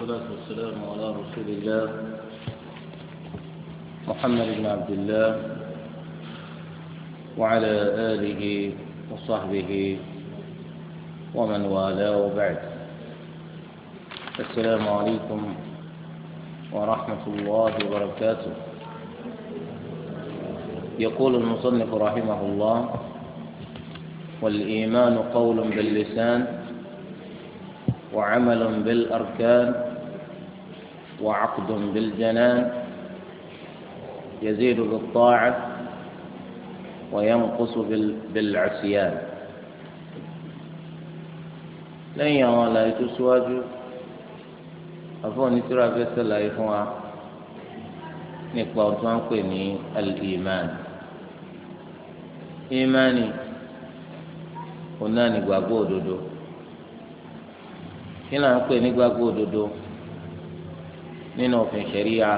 والصلاة والسلام على رسول الله محمد بن عبد الله وعلى آله وصحبه ومن والاه بعد السلام عليكم ورحمة الله وبركاته يقول المصنف رحمه الله والإيمان قول باللسان وعمل بالأركان وعقد بالجنان يزيد بالطاعة وينقص بالعصيان لن يوالا يتسواجو أفوني ترى بس الله يفوا الإيمان إيماني à ń pè ní al-iman imani òun náà nínú òfin ṣẹ̀ríya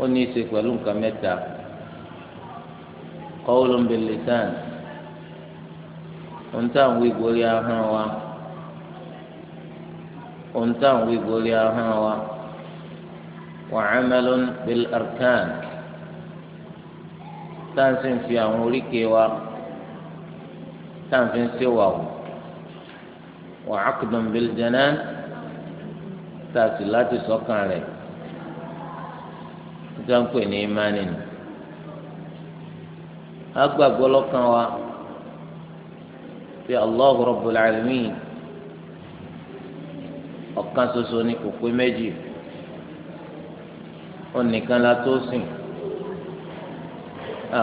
ó ní í ṣe pẹ̀lú nǹkan mẹ́ta qawlun bil lisan ohun tá à ń wí gorí ahọ́n wa ohun tá à ń wí gorí ahọ́n wa wa amalun bil arkan tá ń fi àwọn oríkèé wa tá ń fi ń ṣèwà wò wa aqdun tá a sì láti sọ́kàn rẹ̀ níta ń ní imáni nù á gbàgbọ́ lọ́kàn wa pé Allahu Rabbul ọ̀kan ni kò méjì ó nìkan la tó sìn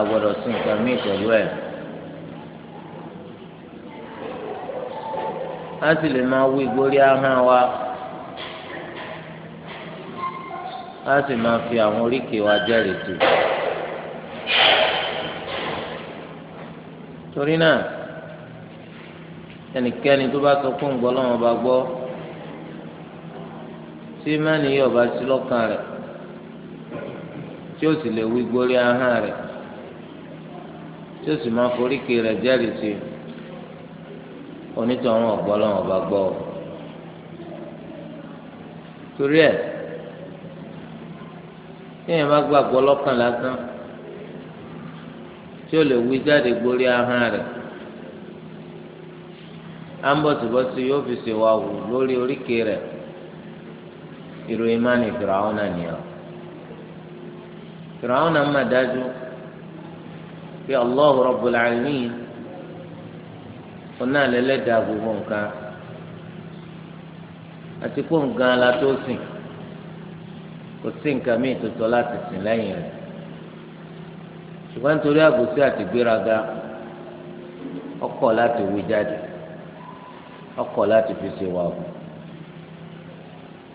gbọ́dọ̀ sìn pẹ̀lú ẹ̀. a sì lè wa. a sì máa fi àwọn oríkèé wa jẹ́rìí tù. torí náà ẹnikẹ́ni tó bá sọ fún ń gbọ́ lọ́wọ́ bá gbọ́ tí mẹ́ni yóò bá sí lọ́kàn rẹ̀ tí ó sì lè wí gbórí ahọ́n rẹ̀ tí ó sì máa foríkèé rẹ̀ jẹ́rìí tù onítọ̀ ọ̀gbọ́ lọ́wọ́ bá gbọ́ torí ẹ̀. téèyàn bá gbàgbọ́ lọ́kàn lásán tí ó lè wí jáde gbórí ahọ́n rẹ̀ ambọ̀tìbọ̀tì yóò fi ṣèwà wù lórí oríkèé rẹ̀ ìròyìn máa ní fìràwọ́nà nìyẹn fìràwọ́nà má dájú pé allah Rabbul Alamin ọ̀nà gbogbo nǹkan àti kó nǹkan la tó sìn. kò sí nǹkan míì tó láti sìn lẹ́yìn rẹ̀ ṣùgbọ́n nítorí àbòsí àti gbéraga ọkọ̀ láti wí jáde ọkọ̀ láti fi ṣe wà fún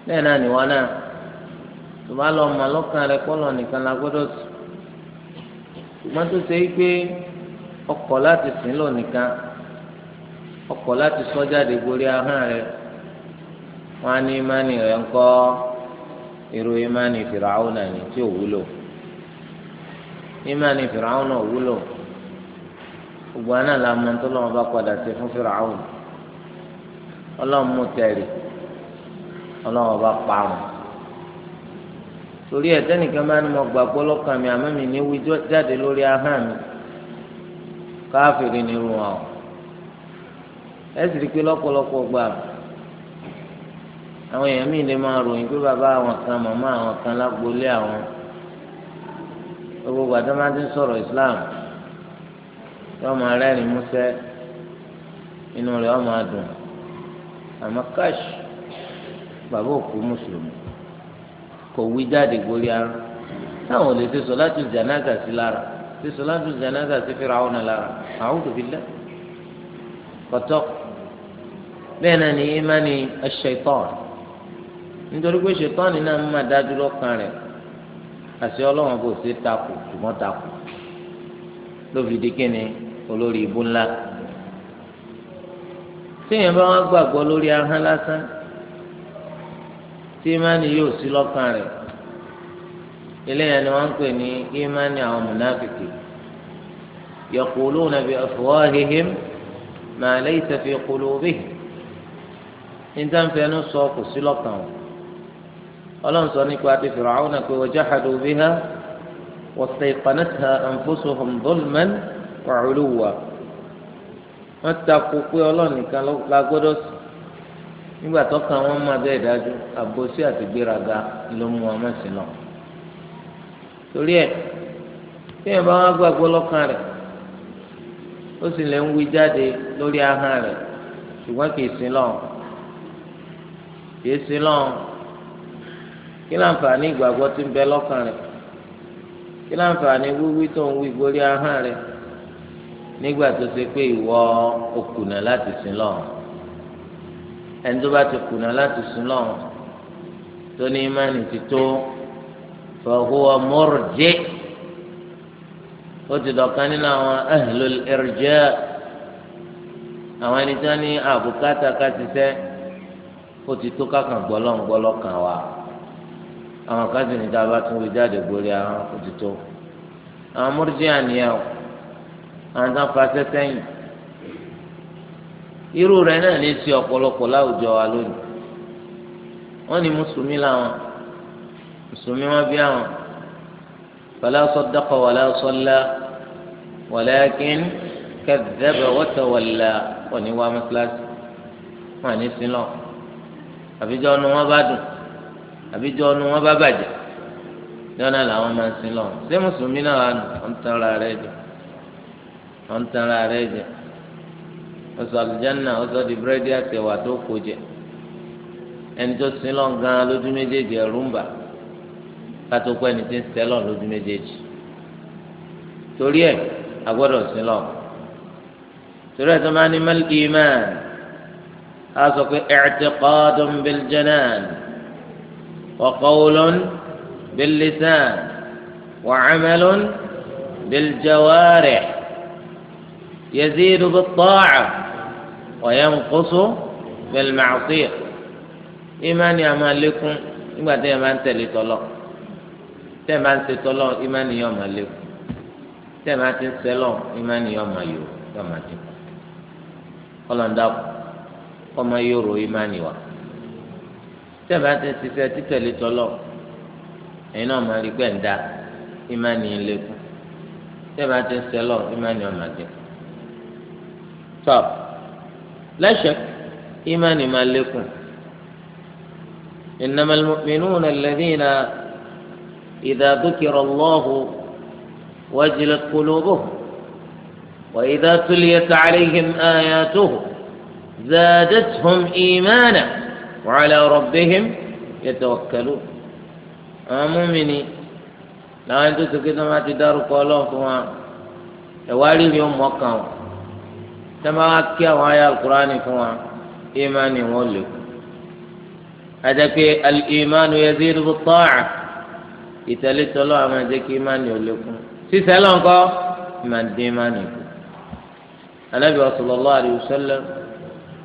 bẹ́ẹ̀ náà ni wọn náà tó bá lọ mọ lọ́kàn rẹ kọ́lọ̀ nìkan la gbọ́dọ̀ sùn ṣùgbọ́n tó ṣe é ọkọ̀ láti sìn lọ irú imáni fìràwùnà ni tí ò wúlò imáni fìràwùnà ò wúlò gbogbo àná la mọ tó lọ́wọ́ bá padà sí fún fìràwùnà ọlọ́run mú tẹ̀rì ọlọ́run bá parun torí ẹ̀ tẹ́nìkan máa ní mo gbàgbọ́ lọ́kàn mi àmọ́ mi ní jáde lórí ahọ́n mi ni irun ẹ sì rí i àwọn èèyàn míì lè máa ròyìn pé bàbá àwọn kan màmá àwọn kan lágboolé àwọn gbogbo àti máa ti ń sọ̀rọ̀ Islam yóò máa rẹ́rìn músẹ́ inú rẹ̀ yóò máa dùn àmọ́ káṣí bàbá òkú mùsùlùmí kò wí jáde gborí ara táwọn ò lè ṣe sọ̀látù jánásà sí lára ṣe sọ̀látù jánásà sí Fíráúnà lára a'udhu billah kọ̀tọ́ bẹ́ẹ̀ náà ni imani ash-shaytan nítorí pé ṣètọ́ni náà máa dájú lọ́kàn rẹ̀ àṣẹ ọlọ́wọ́n kò ṣe takò ṣùgbọ́n takò ló fi di kíni olórí ibú ńlá téèyàn bá wọn gbàgbọ́ lórí ahọ́n lásán tí ìmánì yóò sí lọ́kàn rẹ̀ eléyàn ni wọ́n ń pè ní ìmánì àwọn mùnáfìkì yaquluna bi afwahihim ma laysa fi qulubihim níta ń fẹnu sọ kò sí lọ́kàn wọn ọlọ́run sọ nípa ti Fir'auna pé wajahadu biha wastayqanatha anfusuhum dhulman wa 'uluwwa wọ́n takò pé ọlọ́run nìkan la gbọ́dọ̀ sùn nígbà tó kan wọn máa bẹ́ẹ̀ dájú àbòsí àti gbéraga ló mú wọn má sí torí ẹ̀ bí ẹ bá wọn gbàgbọ́ lọ́kàn rẹ̀ ó sì lè ń wí jáde lórí ahọ́n rẹ̀ ṣùgbọ́n kì í sin lọ́hùn kì í sin lọ́hùn kí láǹfààní ìgbàgbọ́ tí ń bẹ lọ́kàn rẹ̀ kí láǹfààní wíwí tó ń wí gbórí ahọ́n rẹ̀ nígbà tó ṣe pé ìwọ òkùnà láti sin lọ́hùn ẹni tó bá ti kùnà láti sin lọ́hùn tó ní ìmánì ti tó fahuwa murji ó ti dọ̀kan nínú àwọn ahlul irja àwọn ẹni tó ní àbùkátà ká ti sẹ́ ó ti tó kákan gbọ́lọ́ kan wa àwọn kan sì ní tá a bá tún wí jáde gbórí àwọn òtítọ́ àwọn mọ́rìjì àníyàn o àwọn tó ń fasẹ́ sẹ́yìn irú rẹ̀ náà ní sí ọ̀pọ̀lọpọ̀ láwùjọ wa lónìí wọ́n ní mùsùlùmí làwọn mùsùlùmí wọn bí àwọn fala saddaqa wala salla walakin kadhaba wa tawalla wọ́n ní wá mọ́sálásí ní sílọ̀ àbíjọ́ ọ̀nà wọn bá dùn àbíjọ ọnu wọn bá bàjẹ́ yọ̀nà làwọn máa ń sin lọ ṣé mùsùlùmí náà wà nù wọn tan ara rẹ jẹ wọn tan ara rẹ jẹ ọsọ àlùjáná ọsọ di búrẹ́dì àtẹwà tó kó jẹ ẹni tó sin lọ gan lójú méjèèjì ẹrú kátó kó ẹni tí ń sẹ lójú méjèèjì torí ẹ agbọ́dọ̀ sin lọ torí ẹ tó máa ní mẹlìkì imáàn á sọ pé i'tiqadun bil janan. وقول باللسان وعمل بالجوارح يزيد بالطاعة وينقص بالمعصية إيمان يا مالكم إيمان يا مان تلي طلاق تمان تطلاق إيمان يا مالكم تمان تسلام إيمان يا مايو تمان تقول قال أنداب وما يورو إيمان وقت tẹ́ẹ̀bá ti ṣiṣẹ́ títẹ̀lé tọ́lọ̀ ẹ̀yin náà máa rí pẹ́ ń da ìmánì lẹ́kùn tẹ́ẹ̀bá ti ṣẹlọ̀ ìmánì ọ̀mà jẹ́ tọ́ lẹ́sẹ̀ ìmánì máa lẹ́kùn إنما المؤمنون الذين إذا ذكر الله وجلت قلوبهم وإذا تليت عليهم آياته زادتهم إيمانا wa ala rabbihim yatawakkalun àwọn múmini làwọn tó tó kéde wọn ti dárúkọ Ọlọ́run fún wa ẹwà rírì ó mọkàn o tẹmẹ wá kí àwọn ayé alukurani fún wa ìmánì wọn lè kú àdàpé alìmánu yazidu bit-ta'a ìtẹ̀lé tọ́lọ́ àwọn ẹ̀jẹ̀ kí ìmánì ò lè kú sísẹ́ lọ́nkọ́ ìmàdé ìmánì kú anábìyà sallallahu alayhi wa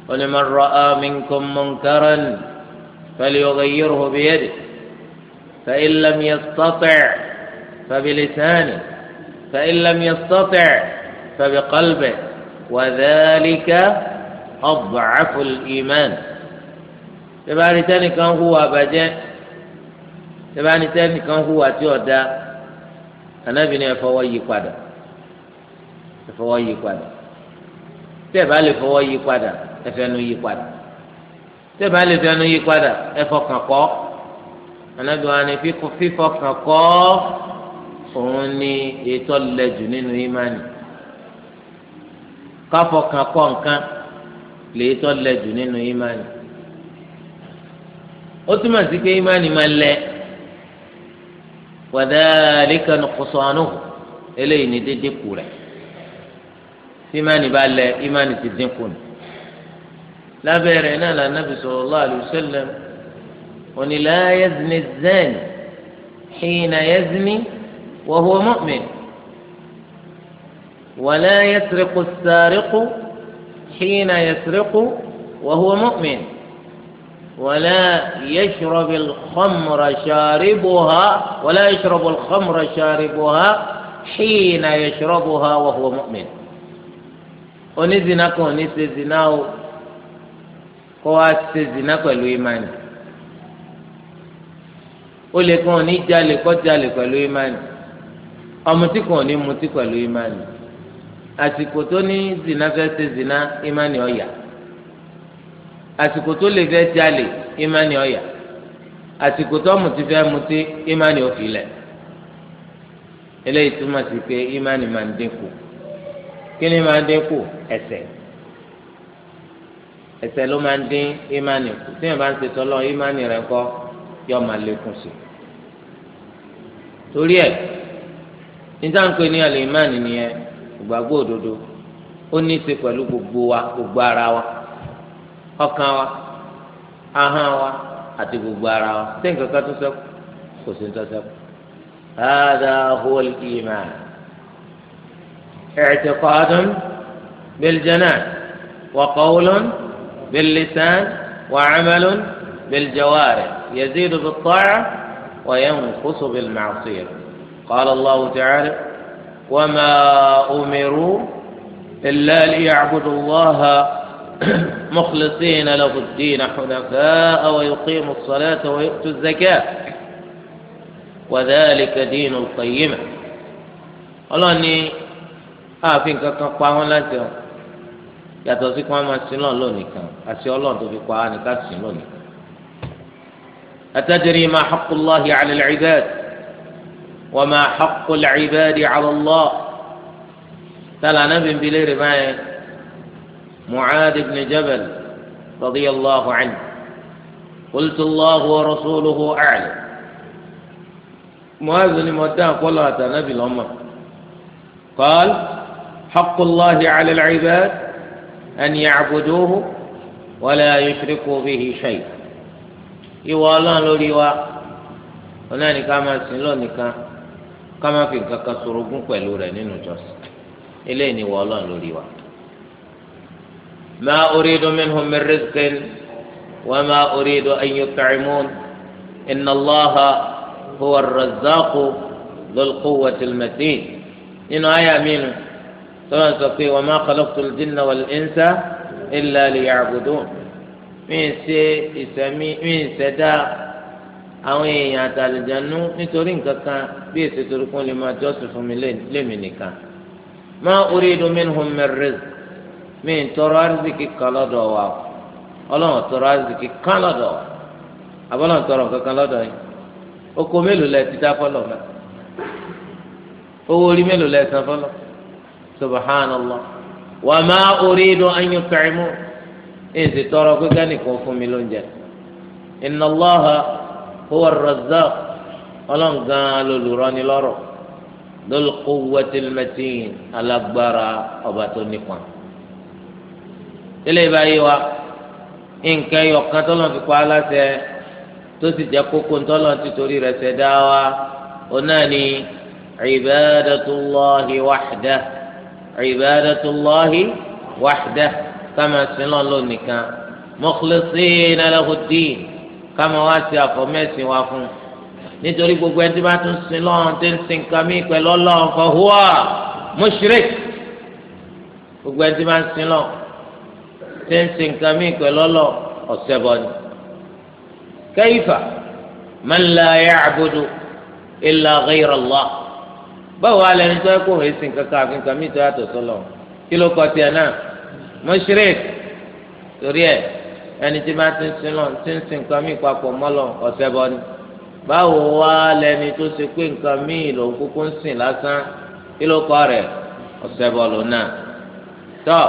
ولمن رأى منكم منكرا فليغيره بيده فإن لم يستطع فبلسانه فإن لم يستطع فبقلبه وذلك أضعف الإيمان تبعني تاني كان هو بجاء تبعني تاني كان هو تيودا أنا بني فوي قادة فوي قادة تبعني فوي قادة ẹfẹnu yí padà tẹ́ẹ̀bá lè fẹnu yí padà ẹfọkàn kọ́ anábìwá ni fífọkàn kọ́ òun ni ètò lẹ́jù nínú ìmánì káfọkàn kọ́ nǹkan lè ètò lẹ́jù nínú ìmánì ó túmọ̀ sí pé ìmánì máa lẹ wàdálíkà nùkùsọ̀nù eléyìí ni dédé kù rẹ̀ tí ìmánì bá lẹ ìmánì ti dínkù nù. لا بيرنا لا النبي صلى الله عليه وسلم وأن لا يزني الزاني حين يزني وهو مؤمن ولا يسرق السارق حين يسرق وهو مؤمن ولا يشرب الخمر شاربها ولا يشرب الخمر شاربها حين يشربها وهو مؤمن ونزنا كون kó wá ṣe zina pẹ̀lú imani ó lè kàn ní jalè kó jalè pẹ̀lú imani ọmọtí kàn ní mutí pẹ̀lú imani àsìkò tó ní zina fẹ́ ṣe zina imani ọ̀yà àsìkò tó lè fẹ́ jalè imani ọ̀yà àsìkò tó mutí fẹ́ mutí imani òfìlẹ̀ eléyìí túmọ̀ sí pé imani máa ń dínkù kí ni máa ń dínkù ẹ̀ṣẹ̀. ẹ̀ṣẹ̀ ló máa ń dín ìmánì kù tí yẹn bá ń ṣètò Ọlọ́run ìmánì rẹ̀ kọ́ yọ máa lékún sí torí ẹ̀ níta ń pè ní àlè ìmánì nìyẹn ìgbàgbọ́ òdodo ó ní í ṣe pẹ̀lú gbogbo wa gbogbo ara wa ọkàn wa ahọ́n wa àti gbogbo ara wa tí nǹkan kan tó ṣẹ́kù kò sí tó ṣẹ́kù. هذا هو الإيمان اعتقاد بالجنان وقول باللسان وعمل بالجوارح يزيد بالطاعة وينقص بالمعصية قال الله تعالى وما أمروا إلا ليعبدوا الله مخلصين له الدين حنفاء ويقيموا الصلاة ويؤتوا الزكاة وذلك دين القيمة الله أني آفين كاكا قاوان yàtọ̀ sí kí wọ́n máa sin lọ́n lónìí kan àti ọlọ́run tó fi pa á ní ká sin lónìí kan. أتدري ما حق الله على العباد وما حق العباد على الله تلا نبي بلي رباية معاذ بن جبل رضي الله عنه قلت الله ورسوله أعلم معاذ بن مدان قال نبي الأمة قال حق الله على العباد an ya'buduhu wa la yushriku bihi shay'a ìwọ ọlọ́run lórí wa ọlọ́run nìkan máa sìn lọ nìkan ká má fi nǹkan kan sorogún pẹ̀lú rẹ̀ nínú ìjọsìn eléyìí ni ìwọ ọlọ́run lórí wa. ma uridu minhum min rizqin wa ma uridu an yut'imun inna Allaha huwa ar-razzaqu dhul quwwati al-matin nínú àyà mìíràn tọ́lá ń sọ pé wa ma khalaqtul jinna wal insa illa liya'budun mí ṣe ìṣẹ̀mí mí ṣẹ̀dá àwọn èèyàn àtàlùjánú nítorí nǹkan kan bí èsì torí kún lè máa jọ́sìn fún mi lémi nìkan ma uridu minhum min rizq mí tọrọ arzikì kan lọ́dọ̀ wa ọlọ́run tọrọ arzikì kan lọ́dọ̀ wa àbọ̀lọ́run tọrọ kankan lọ́dọ̀ yìí oko mélòó lẹ ti dá fọlọ́ mẹ́ owó orí mélòó lẹ san fọlọ́ mẹ́ subhanallah wa ma uridu an yut'imu ẹ̀ sì tọrọ pé kánìkan fún mi lóúnjẹ inna Allaha huwa ar-razzaq ọlọ́ngàn lolùránilọ́rọ̀ dhul quwwatil matin alágbára ọba tó nípa tẹ́lẹ̀ báyìí wa nǹkan ẹyọ kan tọ́lọ́ fi pa aláṣẹ tó sì jẹ́ kókó tọ́lọ́ ti torí rẹ̀ ṣẹ̀dá wa ọ̀nà ni ibadatullahi wahdah ibadatullahi wahdah kama sinlọ lónìkan mukhlisina lahu ddin kama wá sí àfọmẹ́sìn wá fún un nítorí gbogbo ẹni tí bá tún sin lọ́wọ́n tó ń sin kàmí pẹ̀lú ọlọ́run fa huwa mushrik gbogbo ẹni tí bá ń sin lọ́wọ́ tó ń sin kàmí pẹ̀lú ọlọ́run ọ̀sẹ̀bọ ni. kayfa man la ya'budu illa ghayra Allah báwo wà lẹni tó yẹ kó òun èsì kankan àfi nǹkan mi tó yàtọ̀ sọlọ kí ló kọ tiẹ̀ náà mushrik torí ẹ ẹni tí bá ti ń sin lọ ti ń sin nǹkan mi papọ̀ mọ́lọ ọ̀sẹ̀ bọ́ ni báwo wà lẹni tó ṣe pé nǹkan mi lòun kúkú ń sìn lásán kí ló kọ rẹ̀ ọ̀sẹ̀ bọ́ lòun náà tọ́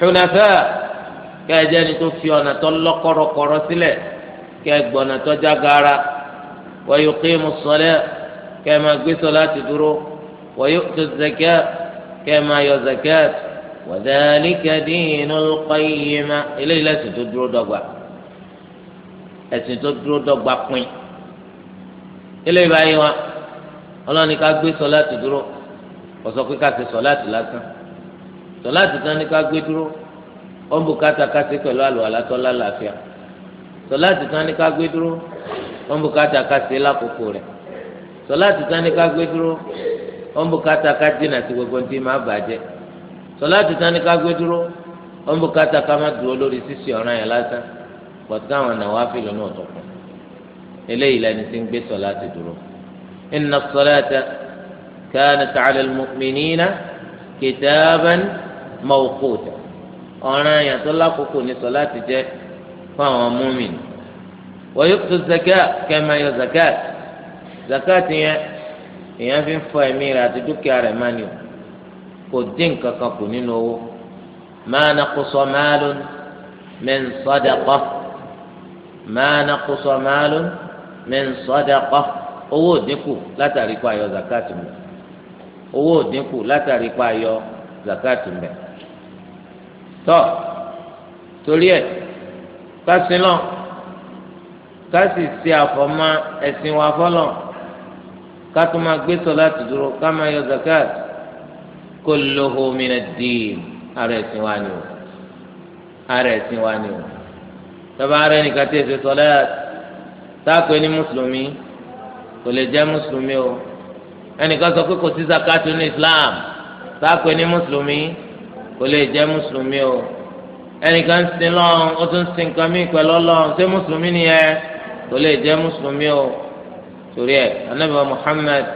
hunafa kẹ́ẹ̀jẹ́ ni tó fi ọ̀nà tó lọ́kọ̀rọ̀kọ̀rọ̀ sílẹ̀ kẹ́ẹ̀ gbọ̀nà tó jágara wa yuqimu ssalah kẹ́ ẹ máa gbé dúró wa yu'tu zakat kẹ́ ẹ máa yọ zakat wa dhalika dinul qayyima eléyìí lẹ́sìn tó dúró dúró dọ́gba pin wa ọlọ́ni gbe gbé sọláàtì dúró kò sọ pé ká ṣe sọláàtì tán ni ká gbé dúró ó kata bu sọlá ti tán ní ká gbé dúró wọn bó kàtà ká dínà sí gbogbo tí máa bàjẹ́ sọlá ti tán ní ká gbé dúró wọn bó kàtà ká má dúró lórí sísè ọ̀ràn yẹn lásán pọ̀tù káwọn náwó àfihàn náà tó kù eléyìí lẹni tí ń gbé sọlá ti dúró inna sọláta kanat ala al-mu'minina kitaban mawquta ọ̀ràn yẹn tó lákòókò ní sọlá ti jẹ́ fún àwọn múmin wa yu'tu zakat kama yọ zakat zakati yẹn èèyàn fi ń fọ ẹ̀mí rẹ̀ àti dúkìá rẹ̀ mání o kò dín nǹkan kan kù nínú owó máa na kóso maalun min sadaqa máa na kóso maalun min sadaqa owó òdínkù látàrí pa ayọ zakati mọ owó òdínkù látàrí pa ayọ zakati mọ tọ torí ẹ kásìlọ kásì ṣe àfọmọ ẹsìn wa fọlọ ká tó máa gbé sọláàtì dúró ká máa yọ zakat kulluhu minad-din ara ẹ̀sìn wa ni o ara ẹ̀sìn wa ni o tọ́ba ara ẹnìkan tí èsì sọláàtì táàpé ní mùsùlùmí kò lè jẹ́ mùsùlùmí o ẹnìkan sọ pé kò sí zakat ní Islam táàpé ní mùsùlùmí kò lè jẹ́ mùsùlùmí o ẹnìkan sin lọ́n ó tún sin kan mí pẹ̀lú ọlọ́run ṣé mùsùlùmí nìyẹn kò lè jẹ́ mùsùlùmí o. سوريا النبي محمد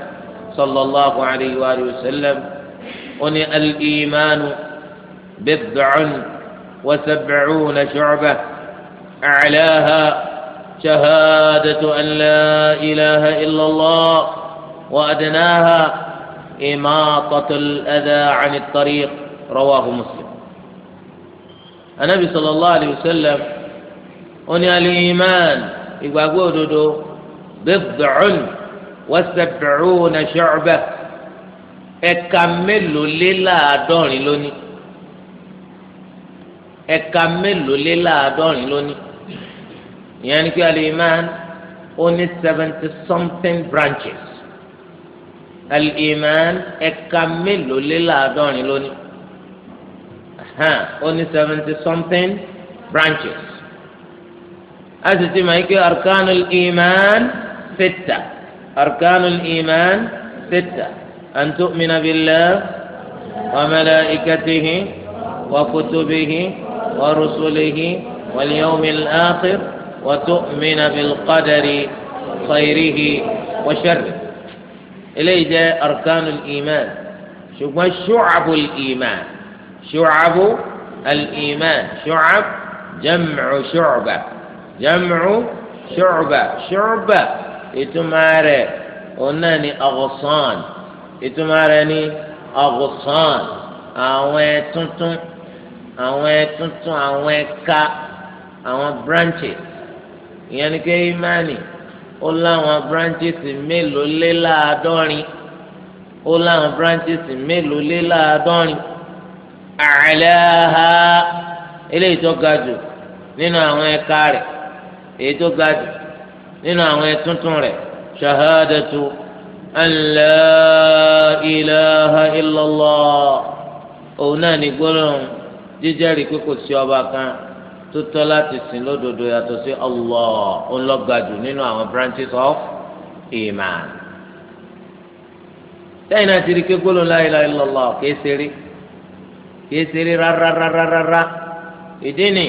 صلى الله عليه وآله وسلم أن الإيمان بضع وسبعون شعبة أعلاها شهادة أن لا إله إلا الله وأدناها إماطة الأذى عن الطريق رواه مسلم النبي صلى الله عليه وسلم أن الإيمان يقول bid'un وسبعون شعبة shu'ba ẹ̀ka mélòó lé láàádọ́rin lónìí ẹ̀ka mélòó lé láàádọ́rin lónìí ìyẹn ni seventy something branches الإيمان iman ẹ̀ka mélòó lé láàádọ́rin lónìí ó seventy something branches a sì ti الإيمان ستة أركان الإيمان ستة أن تؤمن بالله وملائكته وكتبه ورسله واليوم الآخر وتؤمن بالقدر خيره وشره إليه جاء أركان الإيمان شوف شعب الإيمان شعب الإيمان شعب جمع شعبة جمع شعبة شعبة ìtumọ̀ rẹ̀ òun náà ni ọ̀gọ̀sán ìtumọ̀ rẹ̀ ni ọ̀gọ̀sán àwọn ẹ̀túntún àwọn ẹ̀túntún àwọn ẹ̀ka àwọn branches ìyẹn ni pé imani ó láwọn branches mélòó lé láàádọ́rin ó láwọn branches mélòó lé láàádọ́rin àlàáha eléyìí tó ga jù nínú àwọn ẹ̀ka rẹ̀ èyí tó ga jù nínú àwọn ẹtúntún rẹ̀ ṣahadatu an la ilaha illallah òun náà ní gbólóhùn jíjẹ́rìí pé kò sí ọba kan tó tọ́ láti sìn lódodo yàtọ̀ sí Allah ńlọ́gàdù nínú àwọn branches of iman. sẹ́yìn náà ti rí pé gbólóhùn la ilaha illallah kìí ṣeré kìí ṣeré rárá rárá rárá ìdí ni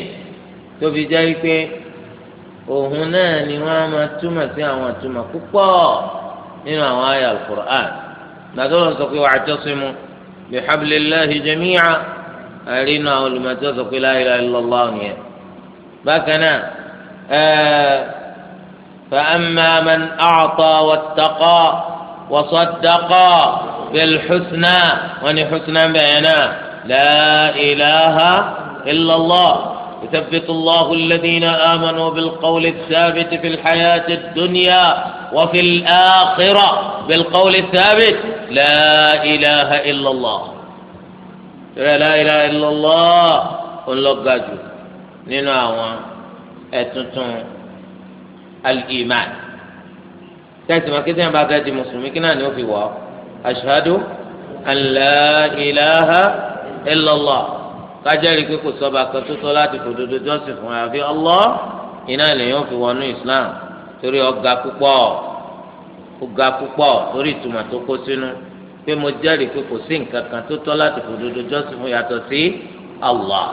tóbi jẹ́ pé òun náà ni wọ́n á máa túmọ̀ sí àwọn àtúmọ̀ púpọ̀ nínú àwọn àyà alukur'an nàdúrà sọ pé wàá tọ́símù bi hablillahi jami'a àrínú àwọn olùmọ̀tò sọ pé la ilaha illallah nìyẹn bákan náà ẹ̀ẹ́. فأما من أعطى واتقى وصدق بالحسنى وني حسنى بينا لا إله إلا الله يثبت الله الذين آمنوا بالقول الثابت في الحياة الدنيا وفي الآخرة بالقول الثابت لا إله إلا الله لا إله إلا الله ولقاجو ننوى أتنتم الإيمان تأتي ما كده بعد هذه المسلمين كنا نوفي واو أشهد أن لا إله إلا الله kájẹ́rìí pé kò sọ́ba kan tó tọ́ láti fòdodo jọ́sìn fún àfi Allah iná lèyàn fi wọnú Islam torí ọ̀gá púpọ̀ ọ̀gá púpọ̀ torí ìtumọ̀ tó kó sínú pé mo jẹ́rìí pé kò sí nǹkan kan tó tọ́ láti fòdodo jọ́sìn fún yàtọ̀ sí Allah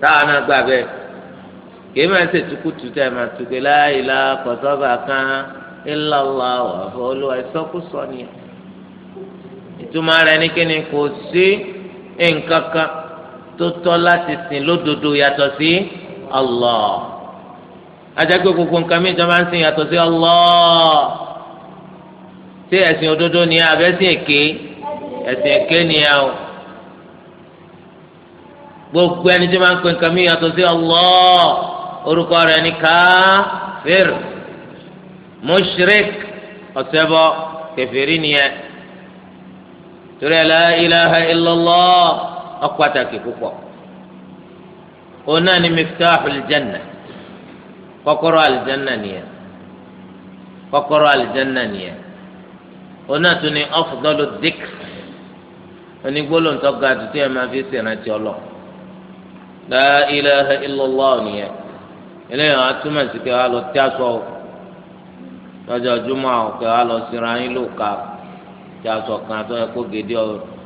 táwọn náà gbà bẹ́ẹ̀ kìí máa ṣe tukutu tẹ máa tukẹ láìla kọsọba kan ńlọlọ ọ̀fọ̀ olúwa ìsọkúsọ ni ìtumọ̀ rẹ̀ ní kíni kò sí nǹkan kan. tó tọ́ láti sìn lódodo yàtọ̀ sí Allah ajagbe gbogbo nǹkan mi jọ ń sìn yàtọ̀ sí Allah ṣé ẹ̀sìn òdodo ni èké ẹ̀sìn èké ni ẹ o gbogbo ẹni tí máa ń pè nǹkan mi yàtọ̀ sí orúkọ rẹ̀ káfíìr mushrik ọ̀sẹ̀bọ nìyẹn ọpàtàkì púpọ̀ ọ̀nà ni miftahu aljanna kọ́kọ́rọ́ aljanna nìyẹn kọ́kọ́rọ́ aljanna nìyẹn ọ̀nà tún ni afdalu dhikr onígbólóńtọ́ ga tuntun yẹn máa fi ṣèrántí ọlọ la ilaha illallah nìyẹn eléyàn atúmọ̀ sí kẹ́ wa lọ tí a sọ o lọ́jọ́ júmọ́ àwọn kẹ́ wa lọ síra yín ló ka tí a sọ kan tó yẹ kó gédé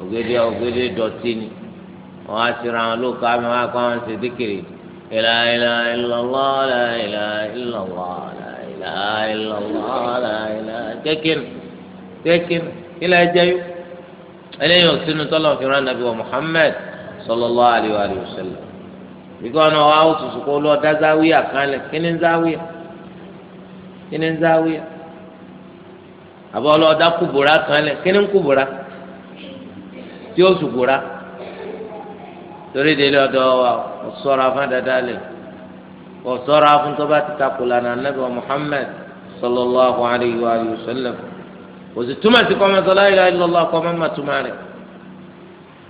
ọ̀gédé ọ̀gédé dọ̀tí ni wọn á ti ra wọn ló ká mi wọn á kó àwọn ṣe díkìrì ìlà ìlà ìlọlọ ìlà ìlà ìlọlọ ìlà ìlà ìlọlọ ìlà ìlà kékin kékin ìlà ẹjẹyó eléyìí ò sínú tọ́lọ̀ fi rán nàbí wa Muhammad sallallahu alayhi wa sallam bíkọ́ ọ̀nà wa ó tutù kó lọ dá záwíyà kanlẹ̀ kí záwíyà kí záwíyà àbọ̀ ọlọ́ọ̀dá kúbúra kanlẹ̀ kí kúbúra tí ó sùgbúra torí délé ọ̀dọ̀ wa kò ṣọ́ra fún dáadáa lè kò ṣọ́ra fún tó bá ti takò lànà Ànábì wa Muhammad sallallahu alayhi wa sallam kò sì túmọ̀ sí kọ́ mẹ́tọ́ láyé láyé lọ́lá kọ́ mẹ́mà túmọ̀ rẹ̀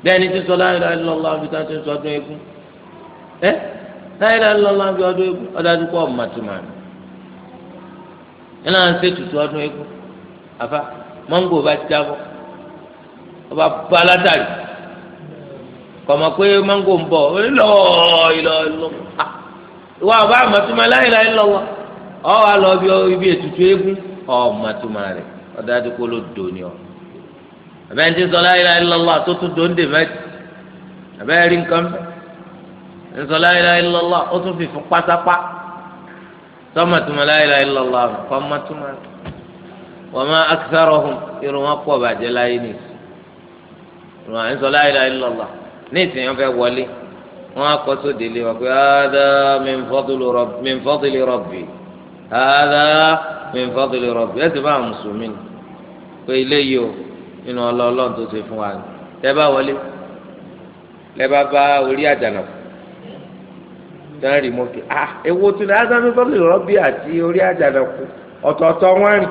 bẹ́ẹ̀ ni títọ́ láyé láyé lọ́lá bí tá a ti ń sọdún eégún ẹ́ láyé láyé lọ́lá bí ọdún eégún ọdájú kọ́ mẹ́mà túmọ̀ rẹ̀ ẹ̀ ṣe tutù ọdún eégún àfa mọ́ngò bá ti dábọ̀ ọba bá kọmọ pé mango ń bọ̀ ìlọ ìlọ ìlọ ìwà ọba àmọtúmọ láìla ìlọwọ ọ wà lọ bí ibi ètùtù eégún ọmọtúmọ rẹ ọdájú kó ló dò ní ọ abẹ́rẹ́ ti sọ láìla ìlọwọ àtúntò dòńdè mẹ́tì abẹ́rẹ́ rí nǹkan mẹ́ nsọ láìla ìlọwọ ó tún fi fún pátápá sọmọtúmọ láìla ìlọwọ kọmọtúmọ rẹ wọ́n máa akitárọ̀ hùn irun wọn pọ̀ bàjẹ́ láyé nìyí ìrùn à ń sọ láìla ìlọwọ ní ìsìn wọn fẹ́ wọlé wọn akọ sóde lé wọn pé ada min fadli rabbi min fadli rabbi ada min fadli rabbi ẹ ti bá àwọn mùsùlùmí ni pé ilé yìí o nínú ọlọ́ọ̀lọ́ọ̀ tó ṣe fún wa ni tẹ́ bá wọlé lẹ́ bá bá orí àjànà tẹ́ ń rí mo kí ah ewo tún ada min fadli àti orí àjànà kù ọ̀tọ̀ọ̀tọ̀ wọn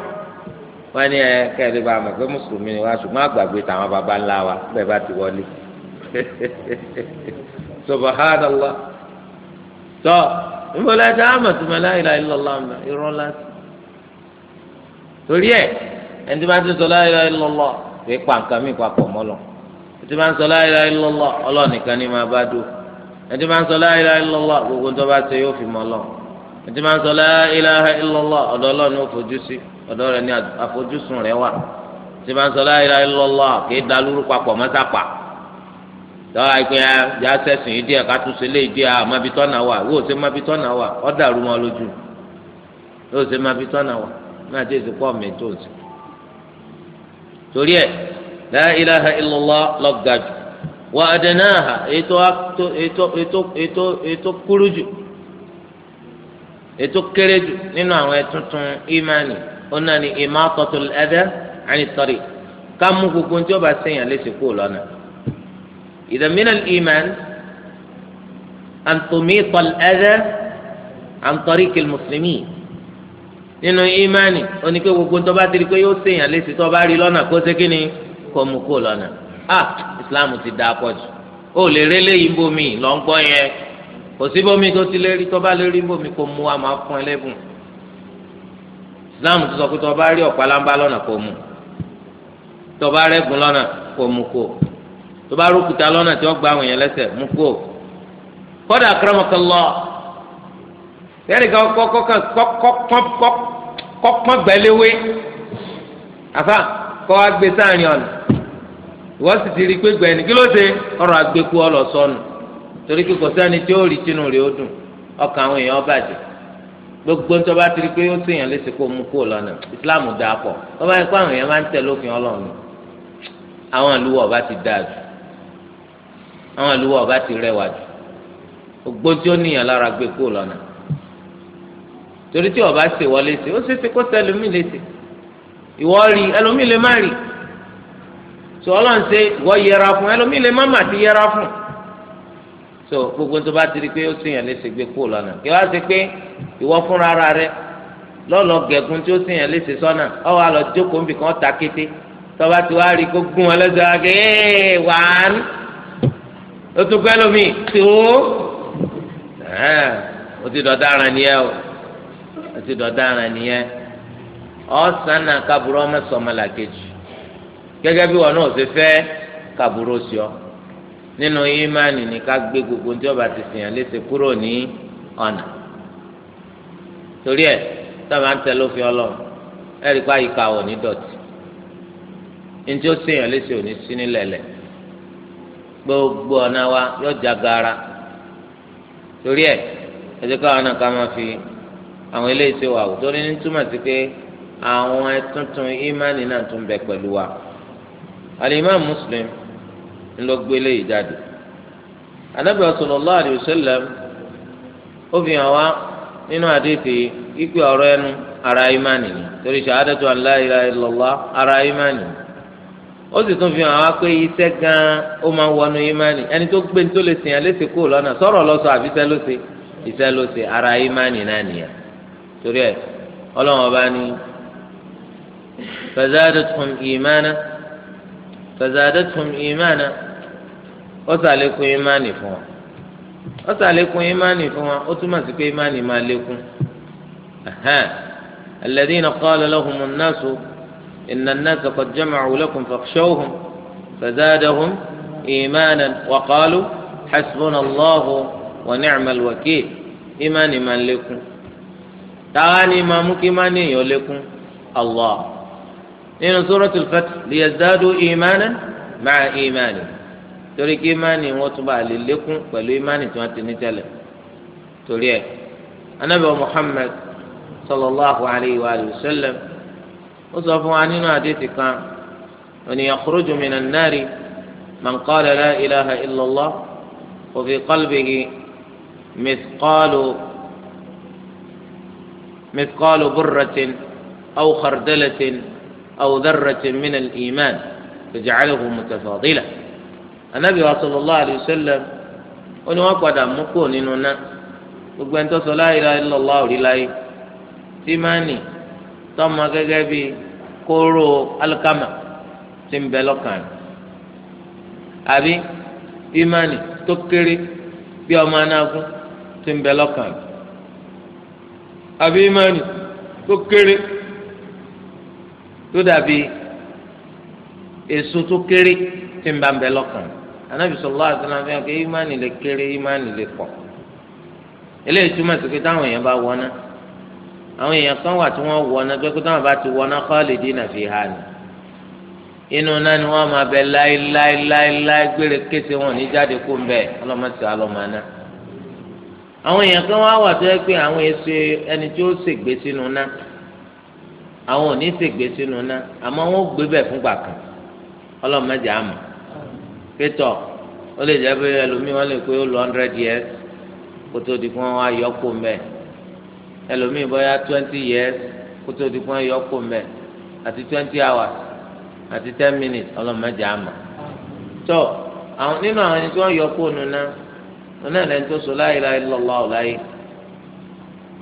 wọn ni ẹ kẹ́lẹ́ bá a pé mùsùlùmí ni wá àgbàgbé tàwọn baba ńlá wa bẹ́ẹ̀ bá ti wọlé. subahánàlá tọ́ nbọ̀lá ẹ̀dá àmọ̀túnmọ̀ la ilaha illallah àmọ̀ irọ́ láti torí ẹ̀ ẹni tí wọ́n ti sọ la ilaha illallah kò é pa nǹkan mi papọ̀ mọ́ lọ ẹni tí wọ́n ti sọ la ilaha illallah ọlọ́ọ̀ nìkan ni máa bá dùn ẹni tí wọ́n ti sọ la ilaha illallah gbogbo tó bá ṣe yóò fi mọ́ lọ ẹni tí wọ́n ti sọ la ilaha illallah ọ̀dọ̀ ọlọ́ọ̀ ni ó fojú sí ni àfojúsùn rẹ̀ wà ẹni tí ti sọ la ilaha kì í dalúrú papọ̀ mọ́sápàá lọ́wọ́ àìpẹ́ ya sẹ́sìn yìí díẹ̀ ká tún ṣe ma ìdí àmọ́bi tọ́nà wà wọ́n ma bitọ na wa wà ọ́ dàrú wọn lójú wọ́n ma ṣe mọ́bi wa wà náà ti ṣe pọ́ mẹ́tò sí. torí ẹ̀ la ilaha illallah lọ́gàjù wà á dẹ̀nà àhà ètò kúrú jù ètò kéré jù nínú àwọn ẹ̀túntún ìmánì ó gbogbo إذا من الإيمان أن تميط الأذى عن طريق المسلمين nínú ìmánì oníkẹ́ gbogbo tó bá ti di pé yóò ṣèyàn létí tó bá rí lọ́nà kó sékí ni kó mú kó lọ́nà a islam ti dáa pọ̀ jù ó lè rí eléyìí bomi lọ́ ń gbọ́ yẹn kò sí bomi tó ti lè rí tó bá lè rí bomi kó mú wa fún ẹlẹ́bùn islam ti sọ pé tó bá rí ọ̀pá lámbá lọ́nà kó mú tó bá rẹ́gùn lọ́nà kó mú kó tó bá rúkúta lọ́nà tí wọ́n gba àwọn èèyàn lẹ́sẹ̀ mú kó kọ́dà akramakallah sẹ́ni kan kọ́kọ́ gbẹ́léwé àfa kọ́ wa gbé sáàrin ọ̀nà ìwọ́n sì ti rí i pé gbẹ̀yìn kí ló ṣe ọ̀rọ̀ àgbẹ̀kú ọ̀lọ̀ sọnù torí pé kò sẹ́ni tí ó rí tinú rẹ̀ ó dùn ọkàn àwọn èèyàn bàjẹ́ gbogbo nítorí bá ti rí i pé ó ṣèyàn léṣe kó mú kó lọ́nà ìsìláàmù dáa pọ̀ wọ́n bá yẹ kó àwọn èèyàn máa ń tẹ̀ lófin ọlọ́run àwọn àlùwọ̀ bá ti dáa jù àwọn àlùwà ọba ti rẹwà jù ògbó tí ó níyàn lára gbé kúrò lọ́nà torí tí ọba ṣe wọlé ṣe ó ṣeéṣe kó tẹ ẹlòmíì léṣe ìwọ rí ẹlòmíì lè má rí tó ọlọ́run ṣe ìwọ yẹra fún ẹlòmíì lè má mà ti yẹra fún so gbogbo tó bá ti di pé ó ṣèyàn léṣe gbé kúrò lọ́nà kí wá ṣe pé ìwọ fúnra ara rẹ lọ́lọ́ gẹ̀gùn tí ó ṣèyàn léṣe sọ́nà ọwọ́ àlọ́ jókòó nbìkan ta kété tọ́ba ti wá rí kó gún ọ lẹ́sẹ̀ ó tún pẹ́ lómi tí ó ó ti dọ̀dá ara nìyẹn o ó ti dọ̀dá ara nìyẹn ọ̀sán náà kábúrò ọmọ sọmọlá kejì gẹ́gẹ́ bí wọn náà ṣe fẹ́ kábúrò sí ọ nínú ìmánì ní ká gbé gbogbo tí ọba ti fìyàn léṣe kúrò ní ọ̀nà torí ẹ táwọn máa ń tẹ lófin ọlọ́run ẹ̀rí pa ìka ò ní ní tí ó ṣèyàn léṣe ò sí nílẹ̀ lẹ̀ gbogbo ọ̀nà wa yọ jagara torí e. ẹ̀jẹ̀ káwọn náà ká máa fi àwọn eléyìí wà wò torí ní túmọ̀ sí pé àwọn tuntun ìmánì náà tún bẹ pẹ̀lú wa alimam muslim ńlọ gbélé ìjáde anabi sallallahu alaihi wasallam ó fi hàn wá nínú àdéhìí ìpè ẹnu ara ìmánì ni torí shahadatu an ara ìmánì ni. ó sì tún fi hàn wá pé iṣẹ́ gan-an ó máa ń wọnú ìmánì ẹni tó gbé ní tó lè sìn yàn léṣe kúrò lọ́nà sọ̀rọ̀ lọ́sọ̀ àbí iṣẹ́ ló ṣe iṣẹ́ ló ṣe ara ìmánì náà nìyà torí ẹ ọlọ́run ọba ní fazadathum imana fazadathum imana ó sàlékún ìmánì fún wa ó sàlékún ìmánì fún wa ó túmọ̀ sí pé ìmánì máa lékún alladhina qala lahumun nasu. إن الناس قد جمعوا لكم فاخشوهم فزادهم إيمانا وقالوا حسبنا الله ونعم الوكيل إيمان من لكم تعالى إمامك مكماني لكم الله إن سورة الفتح ليزدادوا إيمانا مع إيمانهم تريك إيماني وطبع wọn tún bá lè lékún pẹ̀lú imáni tí wọ́n ti ní tẹ́lẹ̀ tele ó sọ fún wa nínú àdéhùn kan òní yakhruju minan nari man qala la ilaha illallah wa fi qalbihi mithqalu mithqalu burratin aw khardalatin aw dharratin min al-iman faj'alahu mutafadila anabi wa sallallahu alayhi wa sallam ó ní wọn padà mú kó nínú náà gbogbo ẹni tó sọ la ilaha illallah rí láyé tí máa nì. tọ́mọ gẹ́gẹ́ bí kóró alikama ti ń bẹ lọ́kàn àbí imani tó kéré bí ọmọ anágún ti ń bẹ lọ́kàn àbí imani tó kéré tó dàbí èso tó kéré ti ń bá ń bẹ lọ́kàn anabi sallallahu alaihi wasallam fihàn pé imani lè kéré imani lè pọ̀ eléyìí túmọ̀ sí pé táwọn èèyàn bá wọ́n náà àwọn èèyàn kan wà tí wọ́n wọná pé kó táwọn bá ti wọná khalidina fiha ni inú náà ni wọ́n máa bẹ láéláéláéláé gbére kése wọn ní jáde kó ń bẹ ọlọ́mọdé alọ́mọdé àwọn èèyàn kan wá wà tó yẹ pé àwọn èso ẹni tí ó ṣègbè sínú náà àwọn ò ní ṣègbè sínú náà àmọ́ wọn ò gbé bẹ̀ fúngbà kan ọlọ́mọdé àmọ́ pétọ́ ó lè jẹ́ pé ẹlòmíì wọ́n lè pé ó lọ hundred years kó tó di fún wọn wá kó ń bẹ́ẹ̀. ẹlòmíì bóyá twenty years kótó di fún ẹyọ kó mbẹ àti twenty hours àti ten minutes ọlọmọdé àmà tó àwọn nínú àwọn ẹni tí yọ kó nuna nuna ẹni tó so la ilaha illallah ọláyé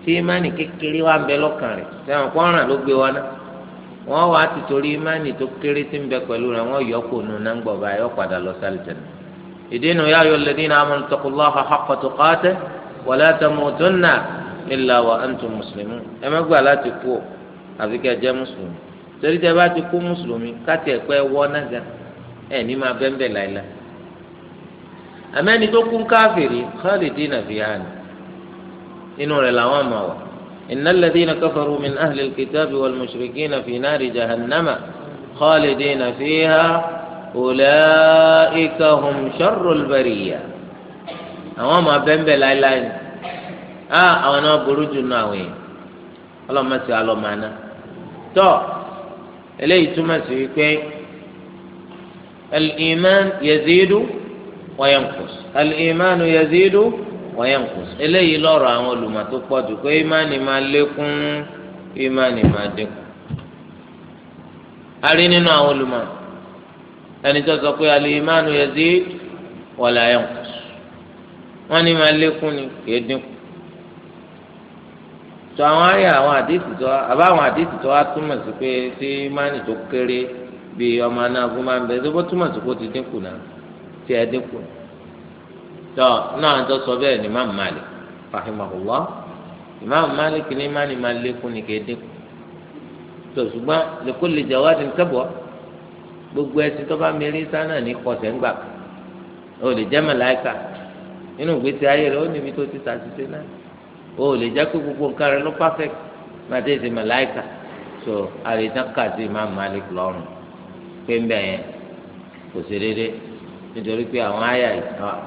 tí imáni kékeré wa ń bẹ lọ́kàn rẹ̀ sẹwọn kọràn ló gbé wa ná wọn wà á ti torí imáni tó kéré tí ń nuna ń gbọba ẹ ọpadà lọ sálẹ jẹnà ìdí nu illa wa antum muslimun ẹ má gbà láti kú ọ àfi kẹ́ jẹ́ mùsùlùmí torí tẹ́ bá ti kú mùsùlùmí káti ẹ̀pẹ́ wọ́ nága ẹ̀ ní máa bẹ́ńbẹ̀ láìla àmẹ́ni tó kún káfìrí khalidina fiha inú rẹ̀ làwọn máa wà innal ladhina kafaru min ahli alkitabi wal mushrikina fi nari jahannama khalidina fiha ulaika hum sharrul bariyya àwọn máa bẹ́ńbẹ̀ láìla yìí á àwọn náà burú jù nù àwìn ọlọ́mọ sí alọ́mọ́ná tọ́ eléyìí túmọ̀ sí wípé al-iman yazidu wa yanqus al-iman yazidu wa yanqus eléyìí lọ́rọ̀ àwọn olùmọ̀ tó pọ̀ jù pé ìmánì máa lékún ìmánì máa dínkù a nínú àwọn olùmọ̀ ẹni tó sọ pé al-iman yazid wa la wọ́n ní máa lékún ni kì í dínkù tó àwọn ayé àwọn àdéhùn tó àbá àwọn àdéhùn tó wá túmọ̀ sí pé tí mánì tó kéré bí ọmọ anágún máa ń bẹ tó bó túmọ̀ sí pé ó ti dínkù náà tí ẹ dínkù tó náà tó sọ bẹ́ẹ̀ ni Imam Malik rahimahullah Imam Malik ní mánì máa lékún ní kéé dínkù tó ṣùgbọ́n lèkó lè jẹ́ wádìí kẹ́bọ̀ gbogbo ẹtì tó bá mérí sánà ní kọsẹ̀ ńgbà ó lè jẹ́ màláíkà nínú ìgbésí ayé rẹ̀ ó níbi tó ti tà sí sí náà. o le jẹ́ pé gbogbo nǹkan rẹ ló perfect gbàdé ìsè so àrètàn kàdé má Malik lọ́rùn pé ń bẹ̀ yẹn kò sí déédéé nítorí pé àwọn àyà